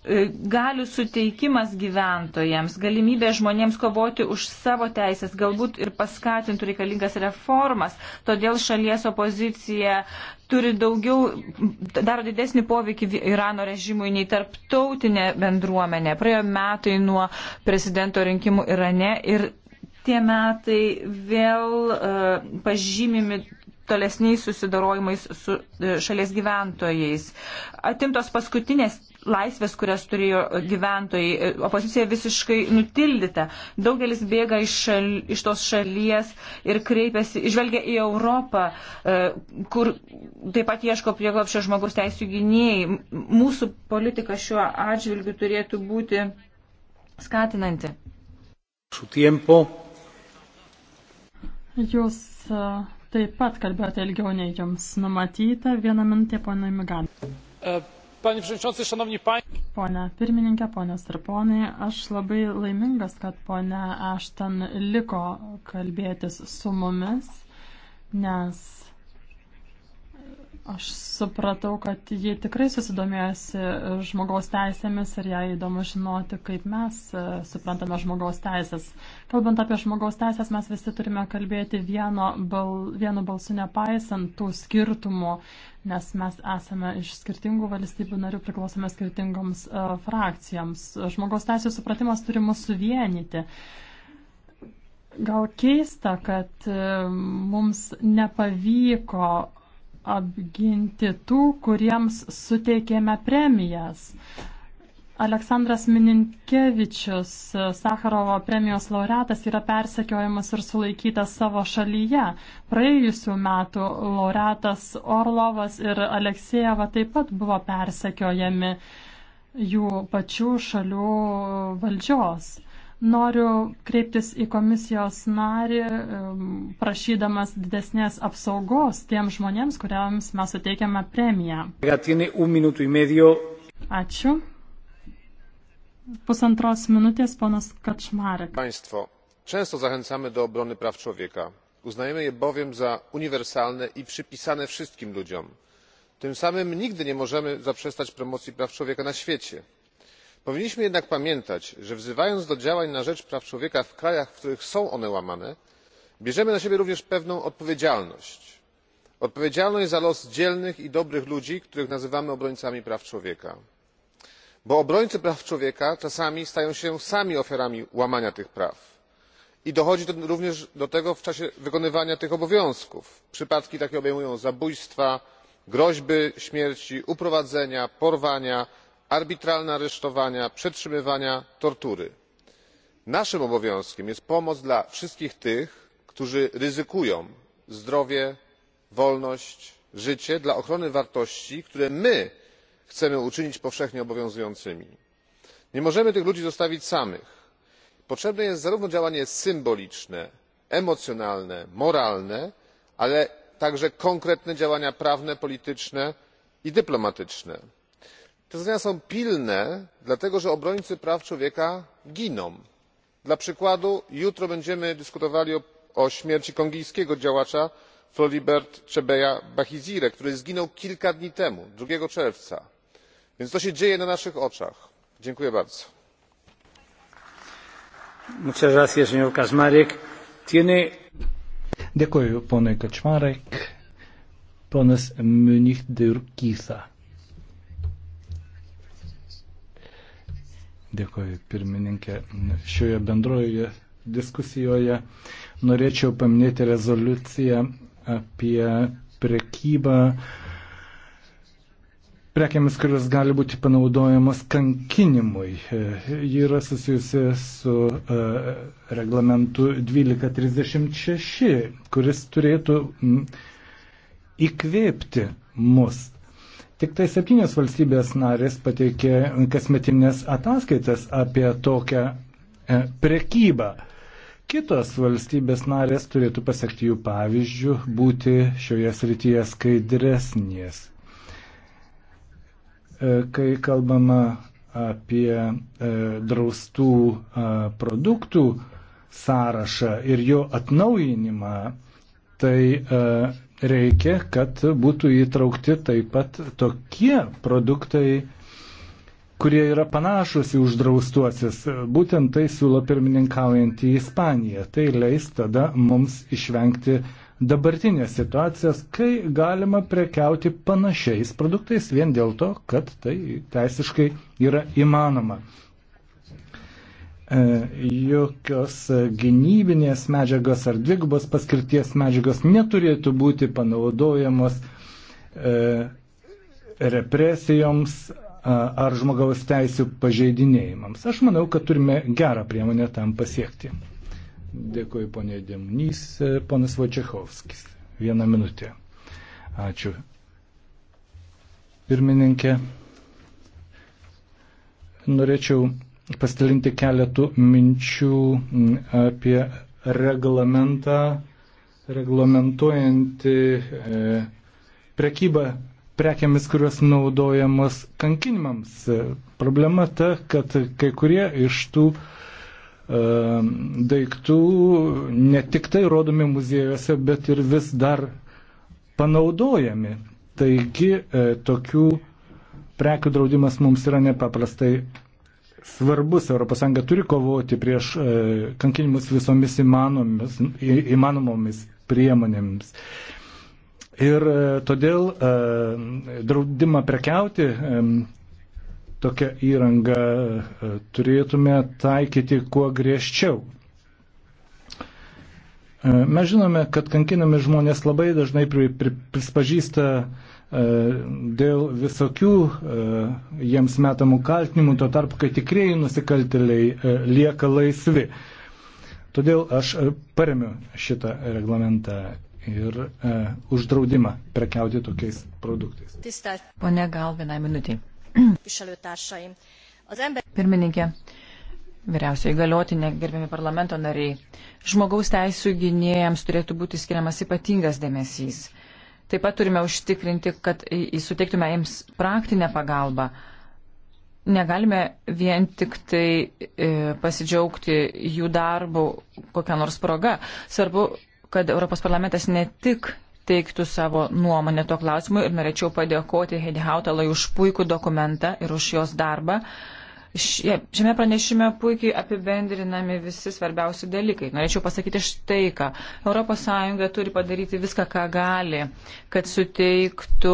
E, galių suteikimas gyventojams, galimybė žmonėms kovoti už savo teisės, galbūt ir paskatintų reikalingas reformas. Todėl šalies opozicija turi daugiau, daro didesnį poveikį Irano režimui nei tarptautinė bendruomenė. Praėjo metai nuo prezidento rinkimų Irane ir tie metai vėl e, pažymimi tolesniais susidarojimais su e, šalies gyventojais. Atimtos paskutinės laisvės, kurias turėjo gyventojai, e, opozicija visiškai nutildyta. Daugelis bėga iš, šal, iš tos šalies ir kreipiasi, žvelgia į Europą, kur taip pat ieško prieglopšio žmogus teisų gynėjai. Mūsų politika šiuo atžvilgiu turėtų būti skatinanti. Su tiempo Jūs e, taip pat kalbėjote ilgiau nei jums numatyta. Vieną minutę, pana Migal. E, panie Przewodniczący, Szanowni Państwo. Pone pirmininkė, ponės ir ponai, aš labai laimingas, kad ponia Aštan liko kalbėtis su mumis, nes Aš supratau, kad ji tikrai susidomėjusi žmogaus teisėmis ir jai įdomu žinoti, kaip mes e, suprantame žmogaus teisės. Kalbant apie žmogaus teisės, mes visi turime kalbėti vieno bal, vienu balsu nepaisant tų skirtumų, nes mes esame iš skirtingų valstybių narių, priklausome skirtingoms uh, frakcijoms. Žmogaus teisės supratimas turi mus suvienyti. Gal keista, kad e, mums nepavyko apginti tų, kuriems suteikėme premijas. Aleksandras Mininkievičius, Sakarovo premijos laureatas, yra persekiojamas ir sulaikytas savo šalyje. Praėjusių metų laureatas Orlovas ir Aleksejeva taip pat buvo persekiojami jų pačių šalių valdžios. Noriu kreiptis į komisijos narį, prašydamas didesnės apsaugos tiem žmonėms, kuriams mes suteikiame premiją. Ačiū. Pusantros minutės, ponas Kaczmarek. Państwo, często zachęcamy do obrony praw człowieka. Uznajemy je bowiem za uniwersalne i przypisane wszystkim ludziom. Tym samym nigdy nie możemy zaprzestać promocji praw człowieka na świecie powinniśmy jednak pamiętać że wzywając do działań na rzecz praw człowieka w krajach w których są one łamane bierzemy na siebie również pewną odpowiedzialność odpowiedzialność za los dzielnych i dobrych ludzi których nazywamy obrońcami praw człowieka bo obrońcy praw człowieka czasami stają się sami ofiarami łamania tych praw i dochodzi również do tego w czasie wykonywania tych obowiązków. przypadki takie obejmują zabójstwa groźby śmierci uprowadzenia porwania arbitralne aresztowania przetrzymywania tortury. naszym obowiązkiem jest pomoc dla wszystkich tych którzy ryzykują zdrowie wolność życie dla ochrony wartości które my chcemy uczynić powszechnie obowiązującymi. nie możemy tych ludzi zostawić samych. potrzebne jest zarówno działanie symboliczne emocjonalne moralne ale także konkretne działania prawne polityczne i dyplomatyczne te zadania są pilne dlatego że obrońcy praw człowieka giną. dla przykładu jutro będziemy dyskutowali o śmierci kongijskiego działacza floribert chebeya bahizire który zginął kilka dni temu dwa czerwca. więc to się dzieje na naszych oczach. dziękuję bardzo. dėkoju ponui kaczmarek. ponas mnich de urquiza. Dėkoju, pirmininkė. Šioje bendroje diskusijoje norėčiau paminėti rezoliuciją apie prekybą prekiamis, kurios gali būti panaudojamos kankinimui. Ji yra susijusi su e, reglamentu 1236, kuris turėtų įkvėpti mus Tik tai septynios valstybės narės pateikė kasmetinės ataskaitas apie tokią e, prekybą. Kitos valstybės narės turėtų pasiekti jų pavyzdžių, būti šioje srityje skaidresnės. E, kai kalbama apie e, draustų produktų sąrašą ir jo atnaujinimą, tai reikia, kad būtų įtraukti taip pat tokie produktai, kurie yra panašus į uždraustuosius. Būtent tai siūlo pirmininkaujantį Ispaniją. Tai leis tada mums išvengti dabartinės situacijos, kai galima prekiauti panašiais produktais vien dėl to, kad tai teisiškai yra įmanoma. E, jokios gynybinės medžiagos ar dvigubos paskirties medžiagos neturėtų būti panaudojamos e, represijoms ar žmogaus teisų pažeidinėjimams. Aš manau, kad turime gerą priemonę tam pasiekti. Dėkuoju, ponė Demnys, ponas Vačiachovskis. Vieną minutę. Ačiū. Pirmininkė, norėčiau pasidalinti keletų minčių apie reglamentą, reglamentuojantį e, prekybą prekiamis, kurios naudojamos kankinimams. E, problema ta, kad kai kurie iš tų e, daiktų ne tik tai rodomi muziejuose, bet ir vis dar panaudojami. Taigi tokių prekių draudimas mums yra nepaprastai svarbus. ES turi kovoti prieš e, kankinimus visomis įmanomis, įmanomomis priemonėmis. Ir e, todėl e, draudimą prekiauti tokią įrangą turėtume taikyti kuo griežčiau. Mes žinome, kad kankinami žmonės labai dažnai prispažįsta pri, pri, E, dėl visokių e, jiems metamų kaltinimų, tuo tarpu, kai tikrieji nusikaltėliai e, lieka laisvi. Todėl aš paremiu šitą reglamentą ir uždraudimą prekiauti tokiais produktais. Pone Gal, vienai minutį. Pirmininkė, vyriausiai galiotinė, gerbiami parlamento nariai, žmogaus teisų gynėjams turėtų būti skiriamas ypatingas dėmesys Taip pat turime užtikrinti, kad suteiktume jiems praktinę pagalbą. Negalime vien tik tai e, pasidžiaugti jų darbu kokią nors progą. Svarbu, kad Europos parlamentas ne tik teiktų savo nuomonę to klausimu ir norėčiau padėkoti Heidi Hautalai už puikų dokumentą ir už jos darbą. E, Šiame pranešime puikiai apibendrinami visi svarbiausi dalykai. Norėčiau pasakyti štai ką. ES turi padaryti viską, ką gali, kad suteiktų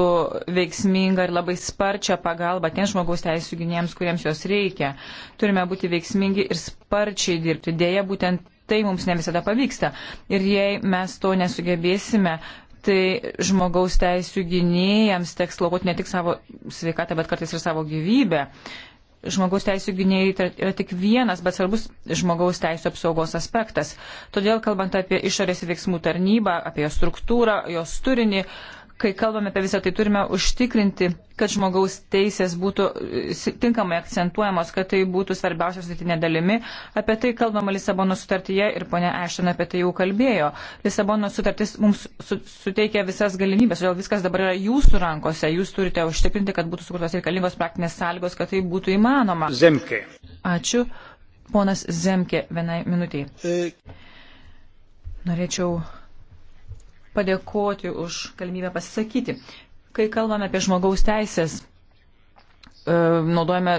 veiksmingą ir labai sparčią pagalbą tiems žmogaus teisų gynėjams, kuriems jos reikia. Turime būti veiksmingi ir sparčiai dirbti. Deja, būtent tai mums ne visada pavyksta. Ir jei mes to nesugebėsime, tai žmogaus teisų gynėjams teks laukoti ne tik savo sveikatą, bet kartais ir savo gyvybę žmogaus teisų gynėjai tai yra tik vienas, bet svarbus žmogaus teisų apsaugos aspektas. Todėl, kalbant apie išorės veiksmų tarnybą, apie jos struktūrą, jos turinį, kai kalbame apie visą tai, turime užtikrinti, kad žmogaus teisės būtų e, tinkamai akcentuojamos, kad tai būtų svarbiausia sudėtinė dalimi. Apie tai kalbama Lisabono sutartyje ir ponia Ešten apie tai jau kalbėjo. Lisabono sutartis mums su, suteikia visas galimybės, todėl viskas dabar yra jūsų rankose. Jūs turite užtikrinti, kad būtų sukurtos reikalingos praktinės sąlygos, kad tai būtų įmanoma. Zemke. Ačiū. Ponas Zemke, vienai minutiai. E. Norėčiau padėkoti už galimybę pasisakyti. Kai kalbame apie žmogaus teisės, e, naudojame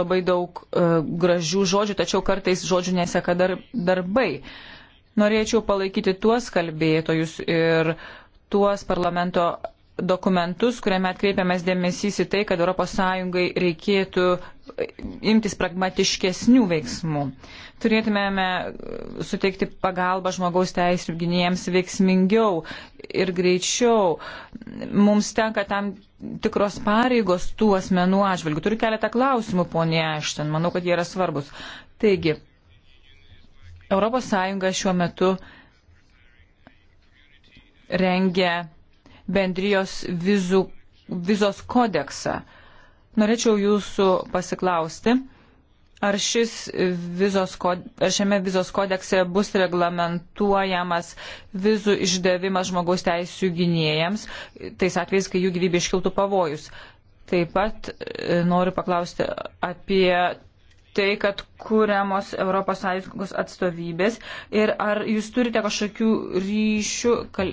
labai daug e, gražių žodžių, tačiau kartais žodžių neseka dar, darbai. Norėčiau palaikyti tuos kalbėtojus ir tuos parlamento dokumentus, kuriame atkreipiamas dėmesys į tai, kad ES reikėtų imtis pragmatiškesnių veiksmų. Turėtumėme suteikti pagalbą žmogaus teisų gynėjams veiksmingiau ir greičiau. Mums tenka tam tikros pareigos tų asmenų atžvilgių. Turiu keletą klausimų, ponė Ašten, manau, kad jie yra svarbus. Taigi, ES šiuo metu rengia bendrijos vizų, vizos kodeksą. Norėčiau jūsų pasiklausti, ar, vizos, ar šiame vizos kodekse bus reglamentuojamas vizų išdavimas žmogaus teisų gynėjams, tais atvejais, kai jų gyvybė iškiltų pavojus. Taip pat e, noriu paklausti apie tai, kad kūriamos ES atstovybės ir ar jūs turite kažkokių ryšių, kal...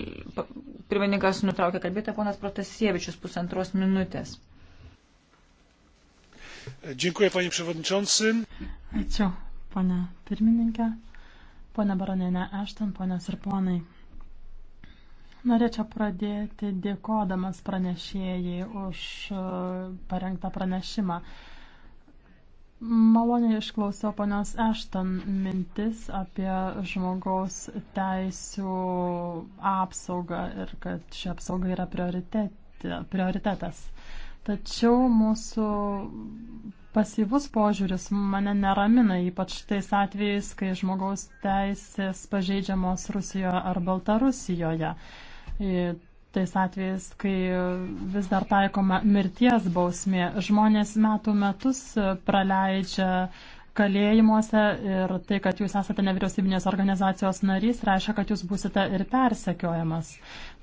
pirmininkas nutraukė kalbėti, ponas Protasievičius pusantros minutės. Dziękuję, panie przewodniczący. Ačiū, ponia pirmininkė, ponia baronėne Ešton, ponios ir ponai. Norėčiau pradėti dėkodamas pranešėjai už uh, parengtą pranešimą. Uh, Maloniai išklausiau ponios Ešton mintis apie žmogaus teisų apsaugą ir kad ši apsauga yra prioritetas. Tačiau mūsų pasyvus požiūris mane neramina, ypač tais atvejais, kai žmogaus teisės pažeidžiamos Rusijoje ar Baltarusijoje tais atvejais, kai vis dar taikoma mirties bausmė. Žmonės metų metus praleidžia kalėjimuose ir tai, kad jūs esate nevyriausybinės organizacijos narys, reiškia, kad jūs būsite ir persekiojamas.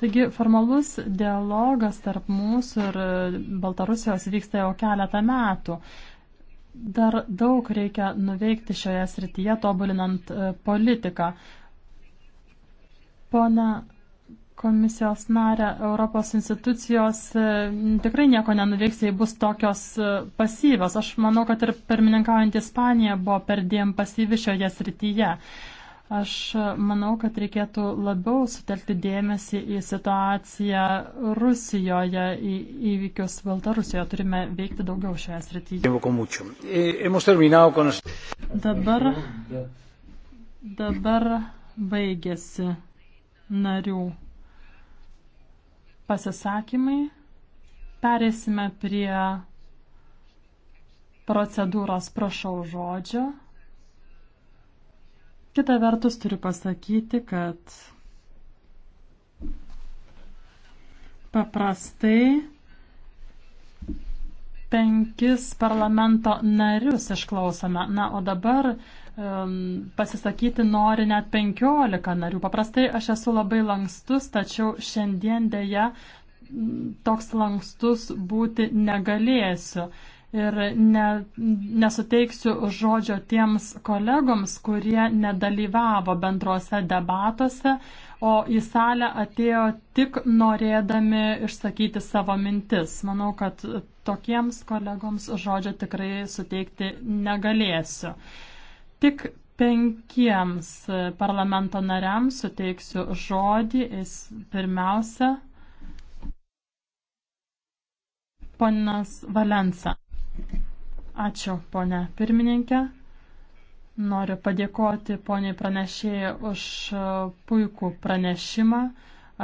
Taigi formalus dialogas tarp mūsų ir Baltarusijos vyksta jau keletą metų. Dar daug reikia nuveikti šioje srityje, tobulinant e, politiką. Pone komisijos narę, Europos institucijos e, tikrai nieko nenuveiks, jei bus tokios e, pasyvios. Aš manau, kad ir pirmininkaujant Ispanija buvo perdėm pasyvi šioje srityje. Aš e, manau, kad reikėtų labiau sutelkti dėmesį į situaciją Rusijoje, į įvykius Baltarusijoje. Turime veikti daugiau šioje srityje. Eh, dabar, dabar baigėsi narių pasisakymai. Perėsime prie procedūros prašau žodžio. Kita vertus turiu pasakyti, kad paprastai penkis parlamento narius išklausome. Na, o dabar um, pasisakyti nori net 15 narių. Paprastai aš esu labai lankstus, tačiau šiandien dėja toks lankstus būti negalėsiu. Ir ne, nesuteiksiu žodžio tiems kolegoms, kurie nedalyvavo bendruose debatuose, o į salę atėjo tik norėdami išsakyti savo mintis. Manau, kad tokiems kolegoms žodžio tikrai suteikti negalėsiu. Uh, Tik penkiems parlamento nariams suteiksiu žodį. Jis pirmiausia. Ponas Valensa. Ačiū, ponė pirmininkė. Noriu padėkoti poniai pranešėjai už puikų pranešimą.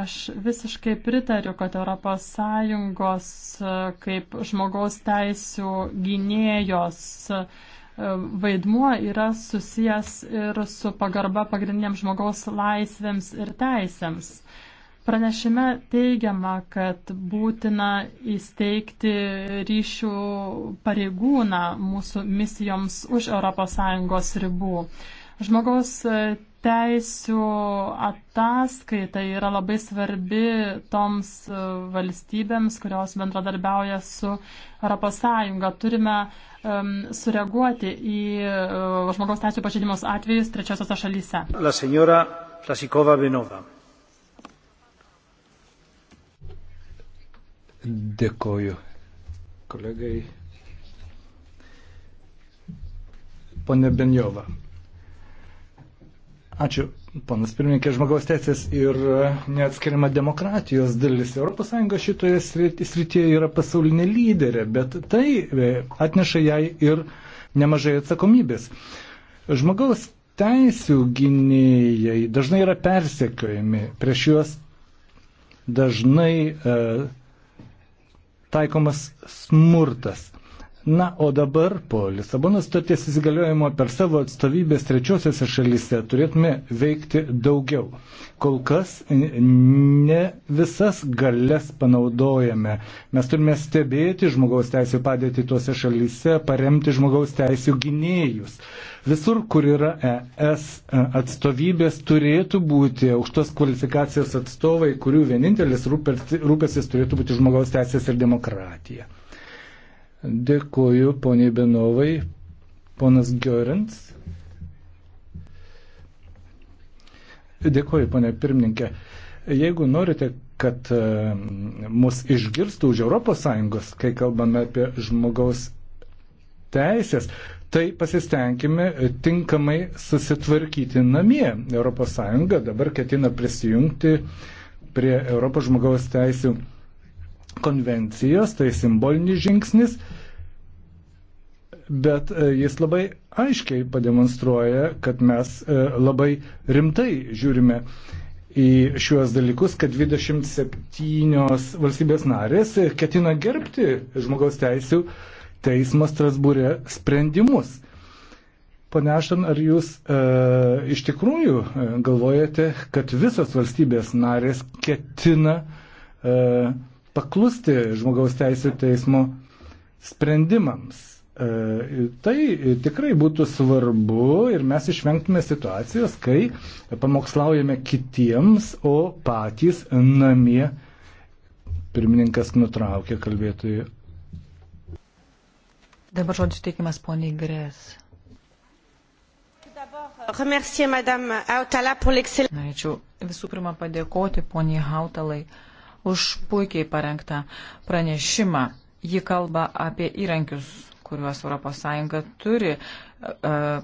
Aš visiškai pritariu, kad ES kaip žmogaus teisų gynėjos uh, vaidmuo yra susijęs ir su pagarba pagrindiniams žmogaus laisvėms ir teisėms. Pranešime teigiama, kad būtina įsteigti ryšių pareigūną mūsų misijoms už ES ribų. Žmogaus teisių ataskaita yra labai svarbi toms e, valstybėms, kurios bendradarbiauja su ES. Turime um, sureaguoti į uh, žmogaus teisų pažeidimus atvejus trečiosiose šalyse. La senora Plasikova Vinova. Dėkoju kolegai. Pone Benjova. Ačiū, panas pirmininkė, žmogaus teisės ir neatskiriama demokratijos dalis. ES šitoje srityje yra pasaulinė lyderė, bet tai e, atneša jai ir nemažai atsakomybės. Žmogaus teisų gynėjai dažnai yra persekiojami, prieš juos dažnai e, taikomas smurtas. Na, o dabar po Lisabonos sutarties įsigaliojimo per savo atstovybės trečiosiose šalyse turėtume veikti daugiau. Kol kas ne visas galės panaudojame. Mes turime stebėti žmogaus teisų padėti tuose šalyse, paremti žmogaus teisų gynėjus. Visur, kur yra ES atstovybės, turėtų būti aukštos kvalifikacijos atstovai, kurių vienintelis rūpestis turėtų būti žmogaus teisės ir demokratija. Dėkuoju poniai Benovai, ponas Görins. Dėkuoju, ponė pirmininkė. Jeigu norite, kad e, mus išgirstų už ES, kai kalbame apie žmogaus teisės, tai pasistengime tinkamai susitvarkyti namie. ES dabar ketina prisijungti prie Europos žmogaus teisų konvencijos, tai simbolinis žingsnis, bet e, jis labai aiškiai pademonstruoja, kad mes e, labai rimtai žiūrime į šiuos dalykus, kad 27 valstybės narės e, ketina gerbti žmogaus teisų teismo Strasbūrė sprendimus. Pane Ašton, ar jūs e, iš tikrųjų galvojate, kad visos valstybės narės ketina e, paklusti žmogaus teisų teismo sprendimams. E, tai tikrai būtų svarbu ir mes išvengtume situacijos, kai pamokslaujame kitiems, o patys namie pirmininkas nutraukė kalbėtojų. Dabar žodžiu teikimas poniai Grės. Norėčiau visų pirma padėkoti poniai Hautalai už puikiai parengtą pranešimą. Ji kalba apie įrankius, kuriuos ES turi, e,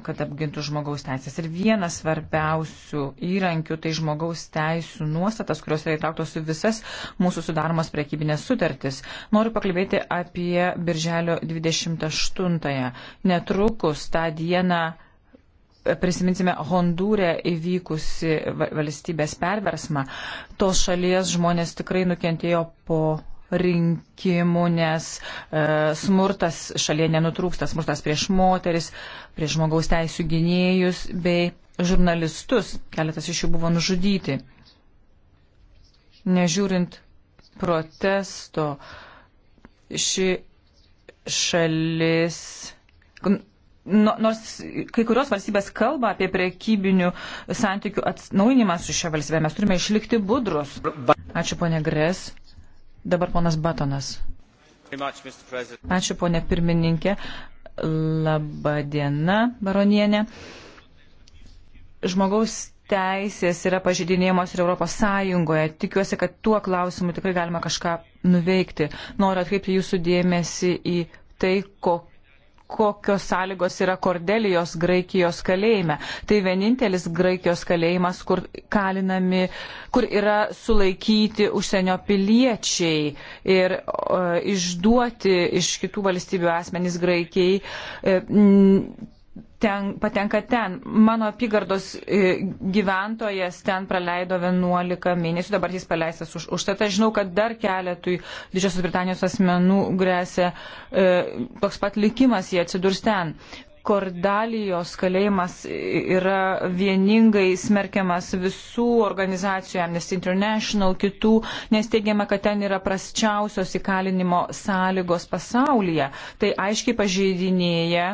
kad apgintų žmogaus teisės. Ir vienas svarbiausių įrankių tai žmogaus teisų nuostatas, kurios yra įtrauktos į visas mūsų sudaromas prekybinės sutartis. Noriu pakalbėti apie Birželio 28-ąją. Netrukus tą dieną prisiminsime Hondūrė įvykusi valstybės perversmą, tos šalies žmonės tikrai nukentėjo po rinkimų, nes e, smurtas šalyje nenutrūksta, smurtas prieš moteris, prieš žmogaus teisų gynėjus bei žurnalistus, keletas iš jų buvo nužudyti. Nežiūrint protesto, ši šalis nors kai kurios valstybės kalba apie prekybinių santykių atnaujinimą su šia valstybė, mes turime išlikti budrus. Ačiū ponė Gres. Dabar ponas Batonas. Ačiū ponė pirmininkė. Labadiena, baronienė. Žmogaus teisės yra pažydinėjamos ir Europos Sąjungoje. Tikiuosi, kad tuo klausimu tikrai galima kažką nuveikti. Noriu atkreipti jūsų dėmesį į tai, kokia kokios sąlygos yra Kordelijos Graikijos kalėjime. Tai vienintelis Graikijos kalėjimas, kur kalinami, kur yra sulaikyti užsienio piliečiai ir o, e, išduoti iš kitų valstybių asmenys Graikijai. E, m, ten, patenka ten. Mano apygardos e, gyventojas ten praleido 11 mėnesių, dabar jis paleistas už užtatą. Žinau, kad dar keletui Didžiosios Britanijos asmenų grėsia e, toks pat likimas, jie atsidurs ten. Kordalijos kalėjimas yra vieningai smerkiamas visų organizacijų, Amnesty International, kitų, nes teigiama, kad ten yra prasčiausios įkalinimo sąlygos pasaulyje. Tai aiškiai pažeidinėja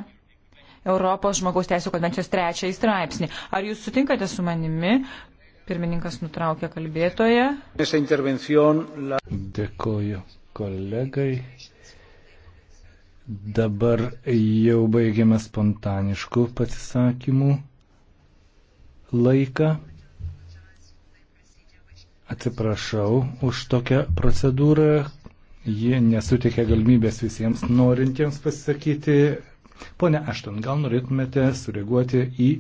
Europos žmogaus teisų konvencijos trečiąjį straipsnį. Ar jūs sutinkate su manimi? Pirmininkas nutraukė kalbėtoje. Dėkoju kolegai. Dabar jau baigiame spontaniškų pasisakymų laiką. Atsiprašau už tokią procedūrą. Ji nesuteikia galimybės visiems norintiems pasisakyti. Pone Ašton, gal norėtumėte sureaguoti į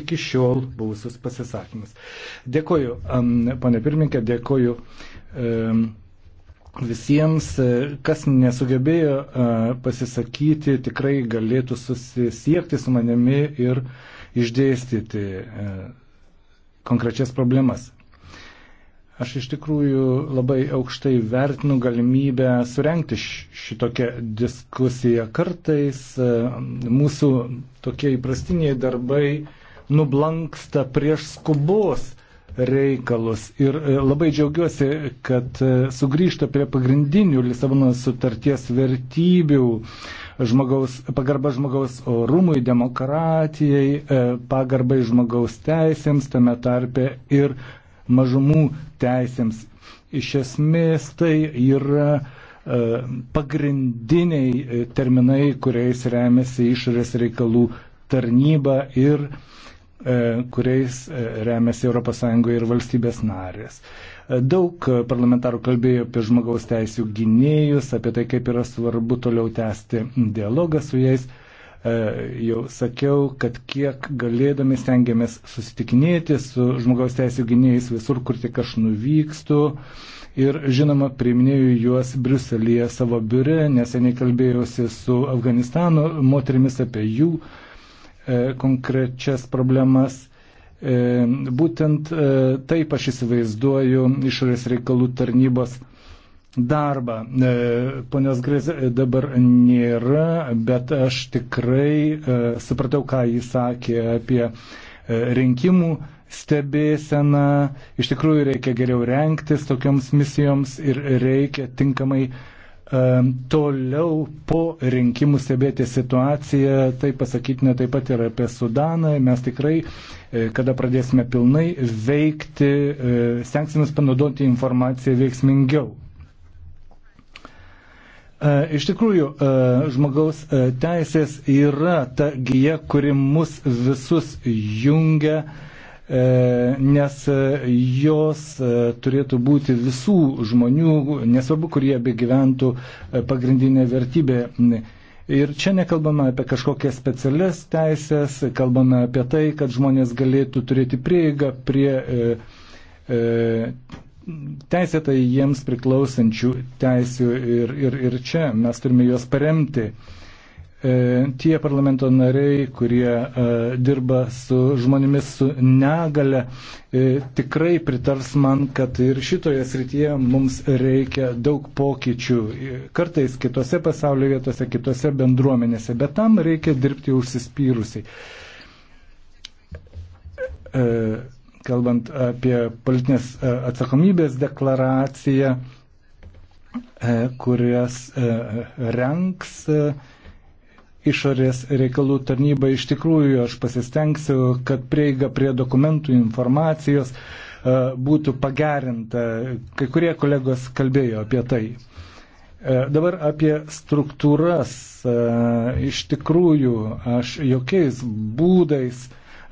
iki šiol buvusius pasisakymus. Dėkoju, pane pirmininkė, dėkoju visiems, e, kas nesugebėjo e, pasisakyti, tikrai galėtų susisiekti su manimi ir išdėstyti e, konkrečias problemas. Aš iš tikrųjų labai aukštai vertinu galimybę surenkti šitokią diskusiją. Kartais e, mūsų tokie įprastiniai darbai nublanksta prieš skubos reikalus. Ir e, labai džiaugiuosi, kad e, sugrįžta prie pagrindinių Lisabonos sutarties vertybių žmogaus, pagarba žmogaus orumui, demokratijai, pagarbai žmogaus teisėms, tame tarpe ir mažumų teisėms. Iš esmės tai yra e, pagrindiniai e, terminai, kuriais remiasi išorės reikalų tarnyba ir e, kuriais remiasi ES ir valstybės narės. Daug parlamentarų kalbėjo apie žmogaus teisų gynėjus, apie tai, kaip yra svarbu toliau tęsti dialogą su jais. E, jau sakiau, kad kiek galėdami stengiamės susitikinėti su žmogaus teisų gynėjais visur, kur tik aš nuvykstu. Ir žinoma, priminėjau juos Briuselėje savo biure, neseniai kalbėjausi su Afganistano moterimis apie jų e, konkrečias problemas. E, būtent e, taip aš įsivaizduoju išorės reikalų tarnybos darbą. E, ponios Grais e, dabar nėra, bet aš tikrai e, supratau, ką jis sakė apie rinkimų stebėseną. Iš tikrųjų reikia geriau renktis tokioms misijoms ir reikia tinkamai toliau po rinkimų stebėti situaciją, tai pasakytume taip pat ir apie Sudaną. Mes tikrai, kada pradėsime pilnai veikti, stengsimės panaudoti informaciją veiksmingiau. E, iš tikrųjų, e, žmogaus e, teisės yra ta gyja, kuri mus visus jungia, nes jos turėtų būti visų žmonių, nesvarbu, kurie be gyventų pagrindinė vertybė. Ir čia nekalbame apie kažkokias specialias teisės, kalbame apie tai, kad žmonės galėtų turėti prieigą prie e, e, teisėtai jiems priklausančių teisių ir, ir, ir čia mes turime juos paremti. E, tie parlamento nariai, kurie e, dirba su žmonėmis su negale, e, tikrai pritars man, kad ir šitoje srityje mums reikia daug pokyčių. E, kartais kitose pasaulio vietose, kitose bendruomenėse, bet tam reikia dirbti užsispyrusiai. E, kalbant apie politinės e, atsakomybės deklaraciją, e, kurias e, renks išorės reikalų tarnyba. Iš tikrųjų, aš pasistengsiu, kad prieiga prie dokumentų informacijos būtų pagerinta. Kai kurie kolegos kalbėjo apie tai. Dabar apie struktūras. Iš tikrųjų, aš jokiais būdais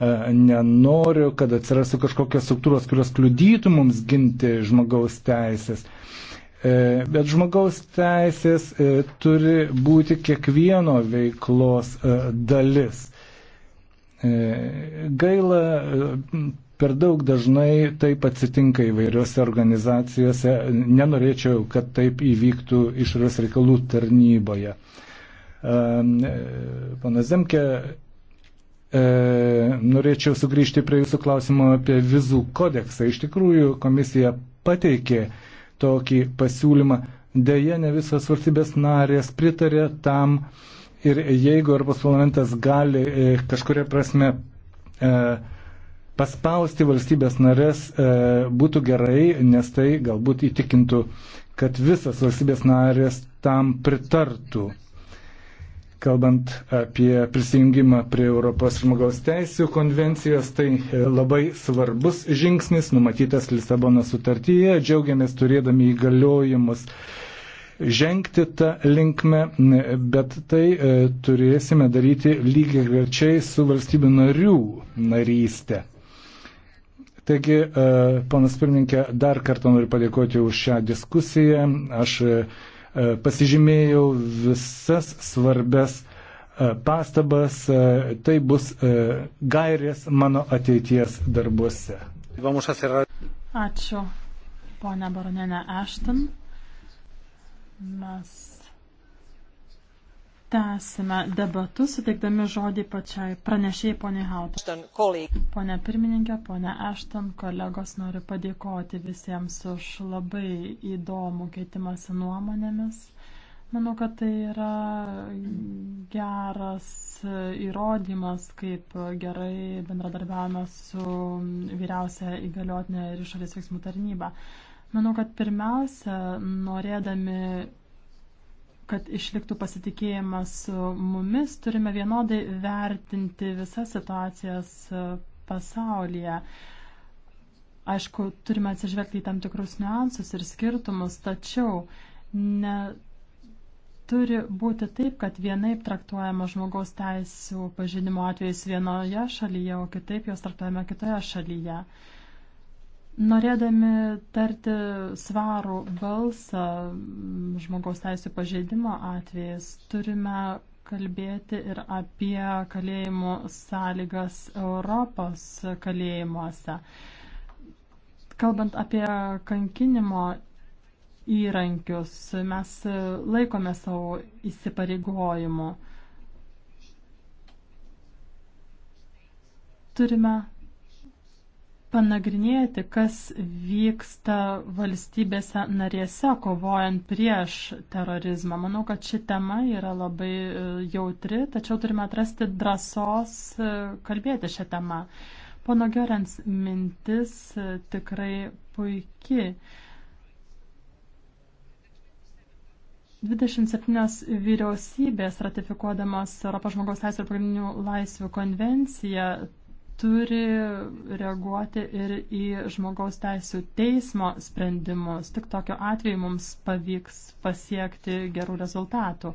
E, nenoriu, kad atsirastų kažkokios struktūros, kurios kliudytų mums ginti žmogaus teisės. E, bet žmogaus teisės e, turi būti kiekvieno veiklos dalis. Gaila, per daug dažnai taip atsitinka įvairiose organizacijose. Nenorėčiau, kad taip įvyktų išorės reikalų tarnyboje. Pana Zemke E, norėčiau sugrįžti prie jūsų klausimo apie vizų kodeksą. Iš tikrųjų, komisija pateikė tokį pasiūlymą. Deja, ne visos valstybės narės pritarė tam ir jeigu Europos parlamentas gali e, kažkuria prasme e, paspausti valstybės narės, e, būtų gerai, nes tai galbūt įtikintų, kad visas valstybės narės tam pritartų. Kalbant apie prisijungimą prie Europos žmogaus teisų konvencijos, tai labai svarbus žingsnis numatytas Lisabono sutartyje. Džiaugiamės turėdami įgaliojimus žengti tą linkmę, bet tai e, turėsime daryti lygiai grečiai su valstybių narių narystė. Taigi, e, panas pirmininkė, dar kartą noriu padėkoti už šią diskusiją. Aš e, E, pasižymėjau visas svarbes e, pastabas, e, tai bus gairės mano ateities darbuose. Ačiū, ponia Baronenė Ashton. Mes Tęsime debatus, suteikdami žodį pačiai pranešėjai poniai Hautas. Pone pirmininkė, pone Ešton, kolegos noriu padėkoti visiems už labai įdomų keitimąsi nuomonėmis. Manau, kad tai yra geras įrodymas, kaip gerai bendradarbiavame su vyriausia įgaliotinė ir išorės veiksmų tarnyba. Manau, kad pirmiausia, norėdami kad išliktų pasitikėjimas mumis, turime vienodai vertinti visas situacijas e, pasaulyje. Aišku, turime atsižvelgti į tam tikrus niuansus ir skirtumus, tačiau ne, turi būti taip, kad vienaip traktuojama žmogaus teisų pažinimo atvejais vienoje šalyje, o kitaip jos traktuojama kitoje šalyje. Uh, Norėdami tarti svarų balsą žmogaus teisų pažeidimo atvejais, turime kalbėti ir apie kalėjimų sąlygas Europos kalėjimuose. Kalbant apie kankinimo įrankius, mes laikome savo įsipareigojimu. Turime panagrinėti, kas vyksta valstybėse narėse, kovojant prieš terorizmą. Manau, kad ši tema yra labai e, jautri, tačiau turime atrasti drąsos e, kalbėti šią temą. Pono Gerens mintis e, tikrai puikiai. 27 vyriausybės ratifikuodamas Europos žmogaus teisų ir pagrindinių laisvių konvenciją turi reaguoti ir į žmogaus teisų teismo sprendimus. Tik tokiu atveju mums pavyks pasiekti gerų rezultatų.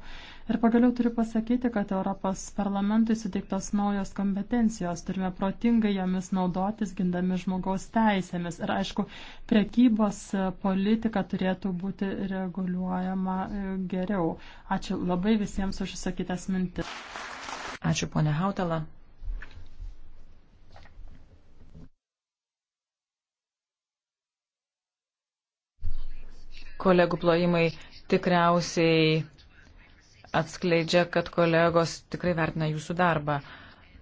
Ir pagaliau turiu pasakyti, kad Europos parlamentui suteiktos naujos kompetencijos. Turime protingai jomis naudotis, gindami žmogaus teisėmis. Ir aišku, prekybos politika turėtų būti reguliuojama e, geriau. Ačiū labai visiems už išsakytas mintis. Ačiū, ponė Hautala. kolegų plojimai tikriausiai atskleidžia, kad kolegos tikrai vertina jūsų darbą.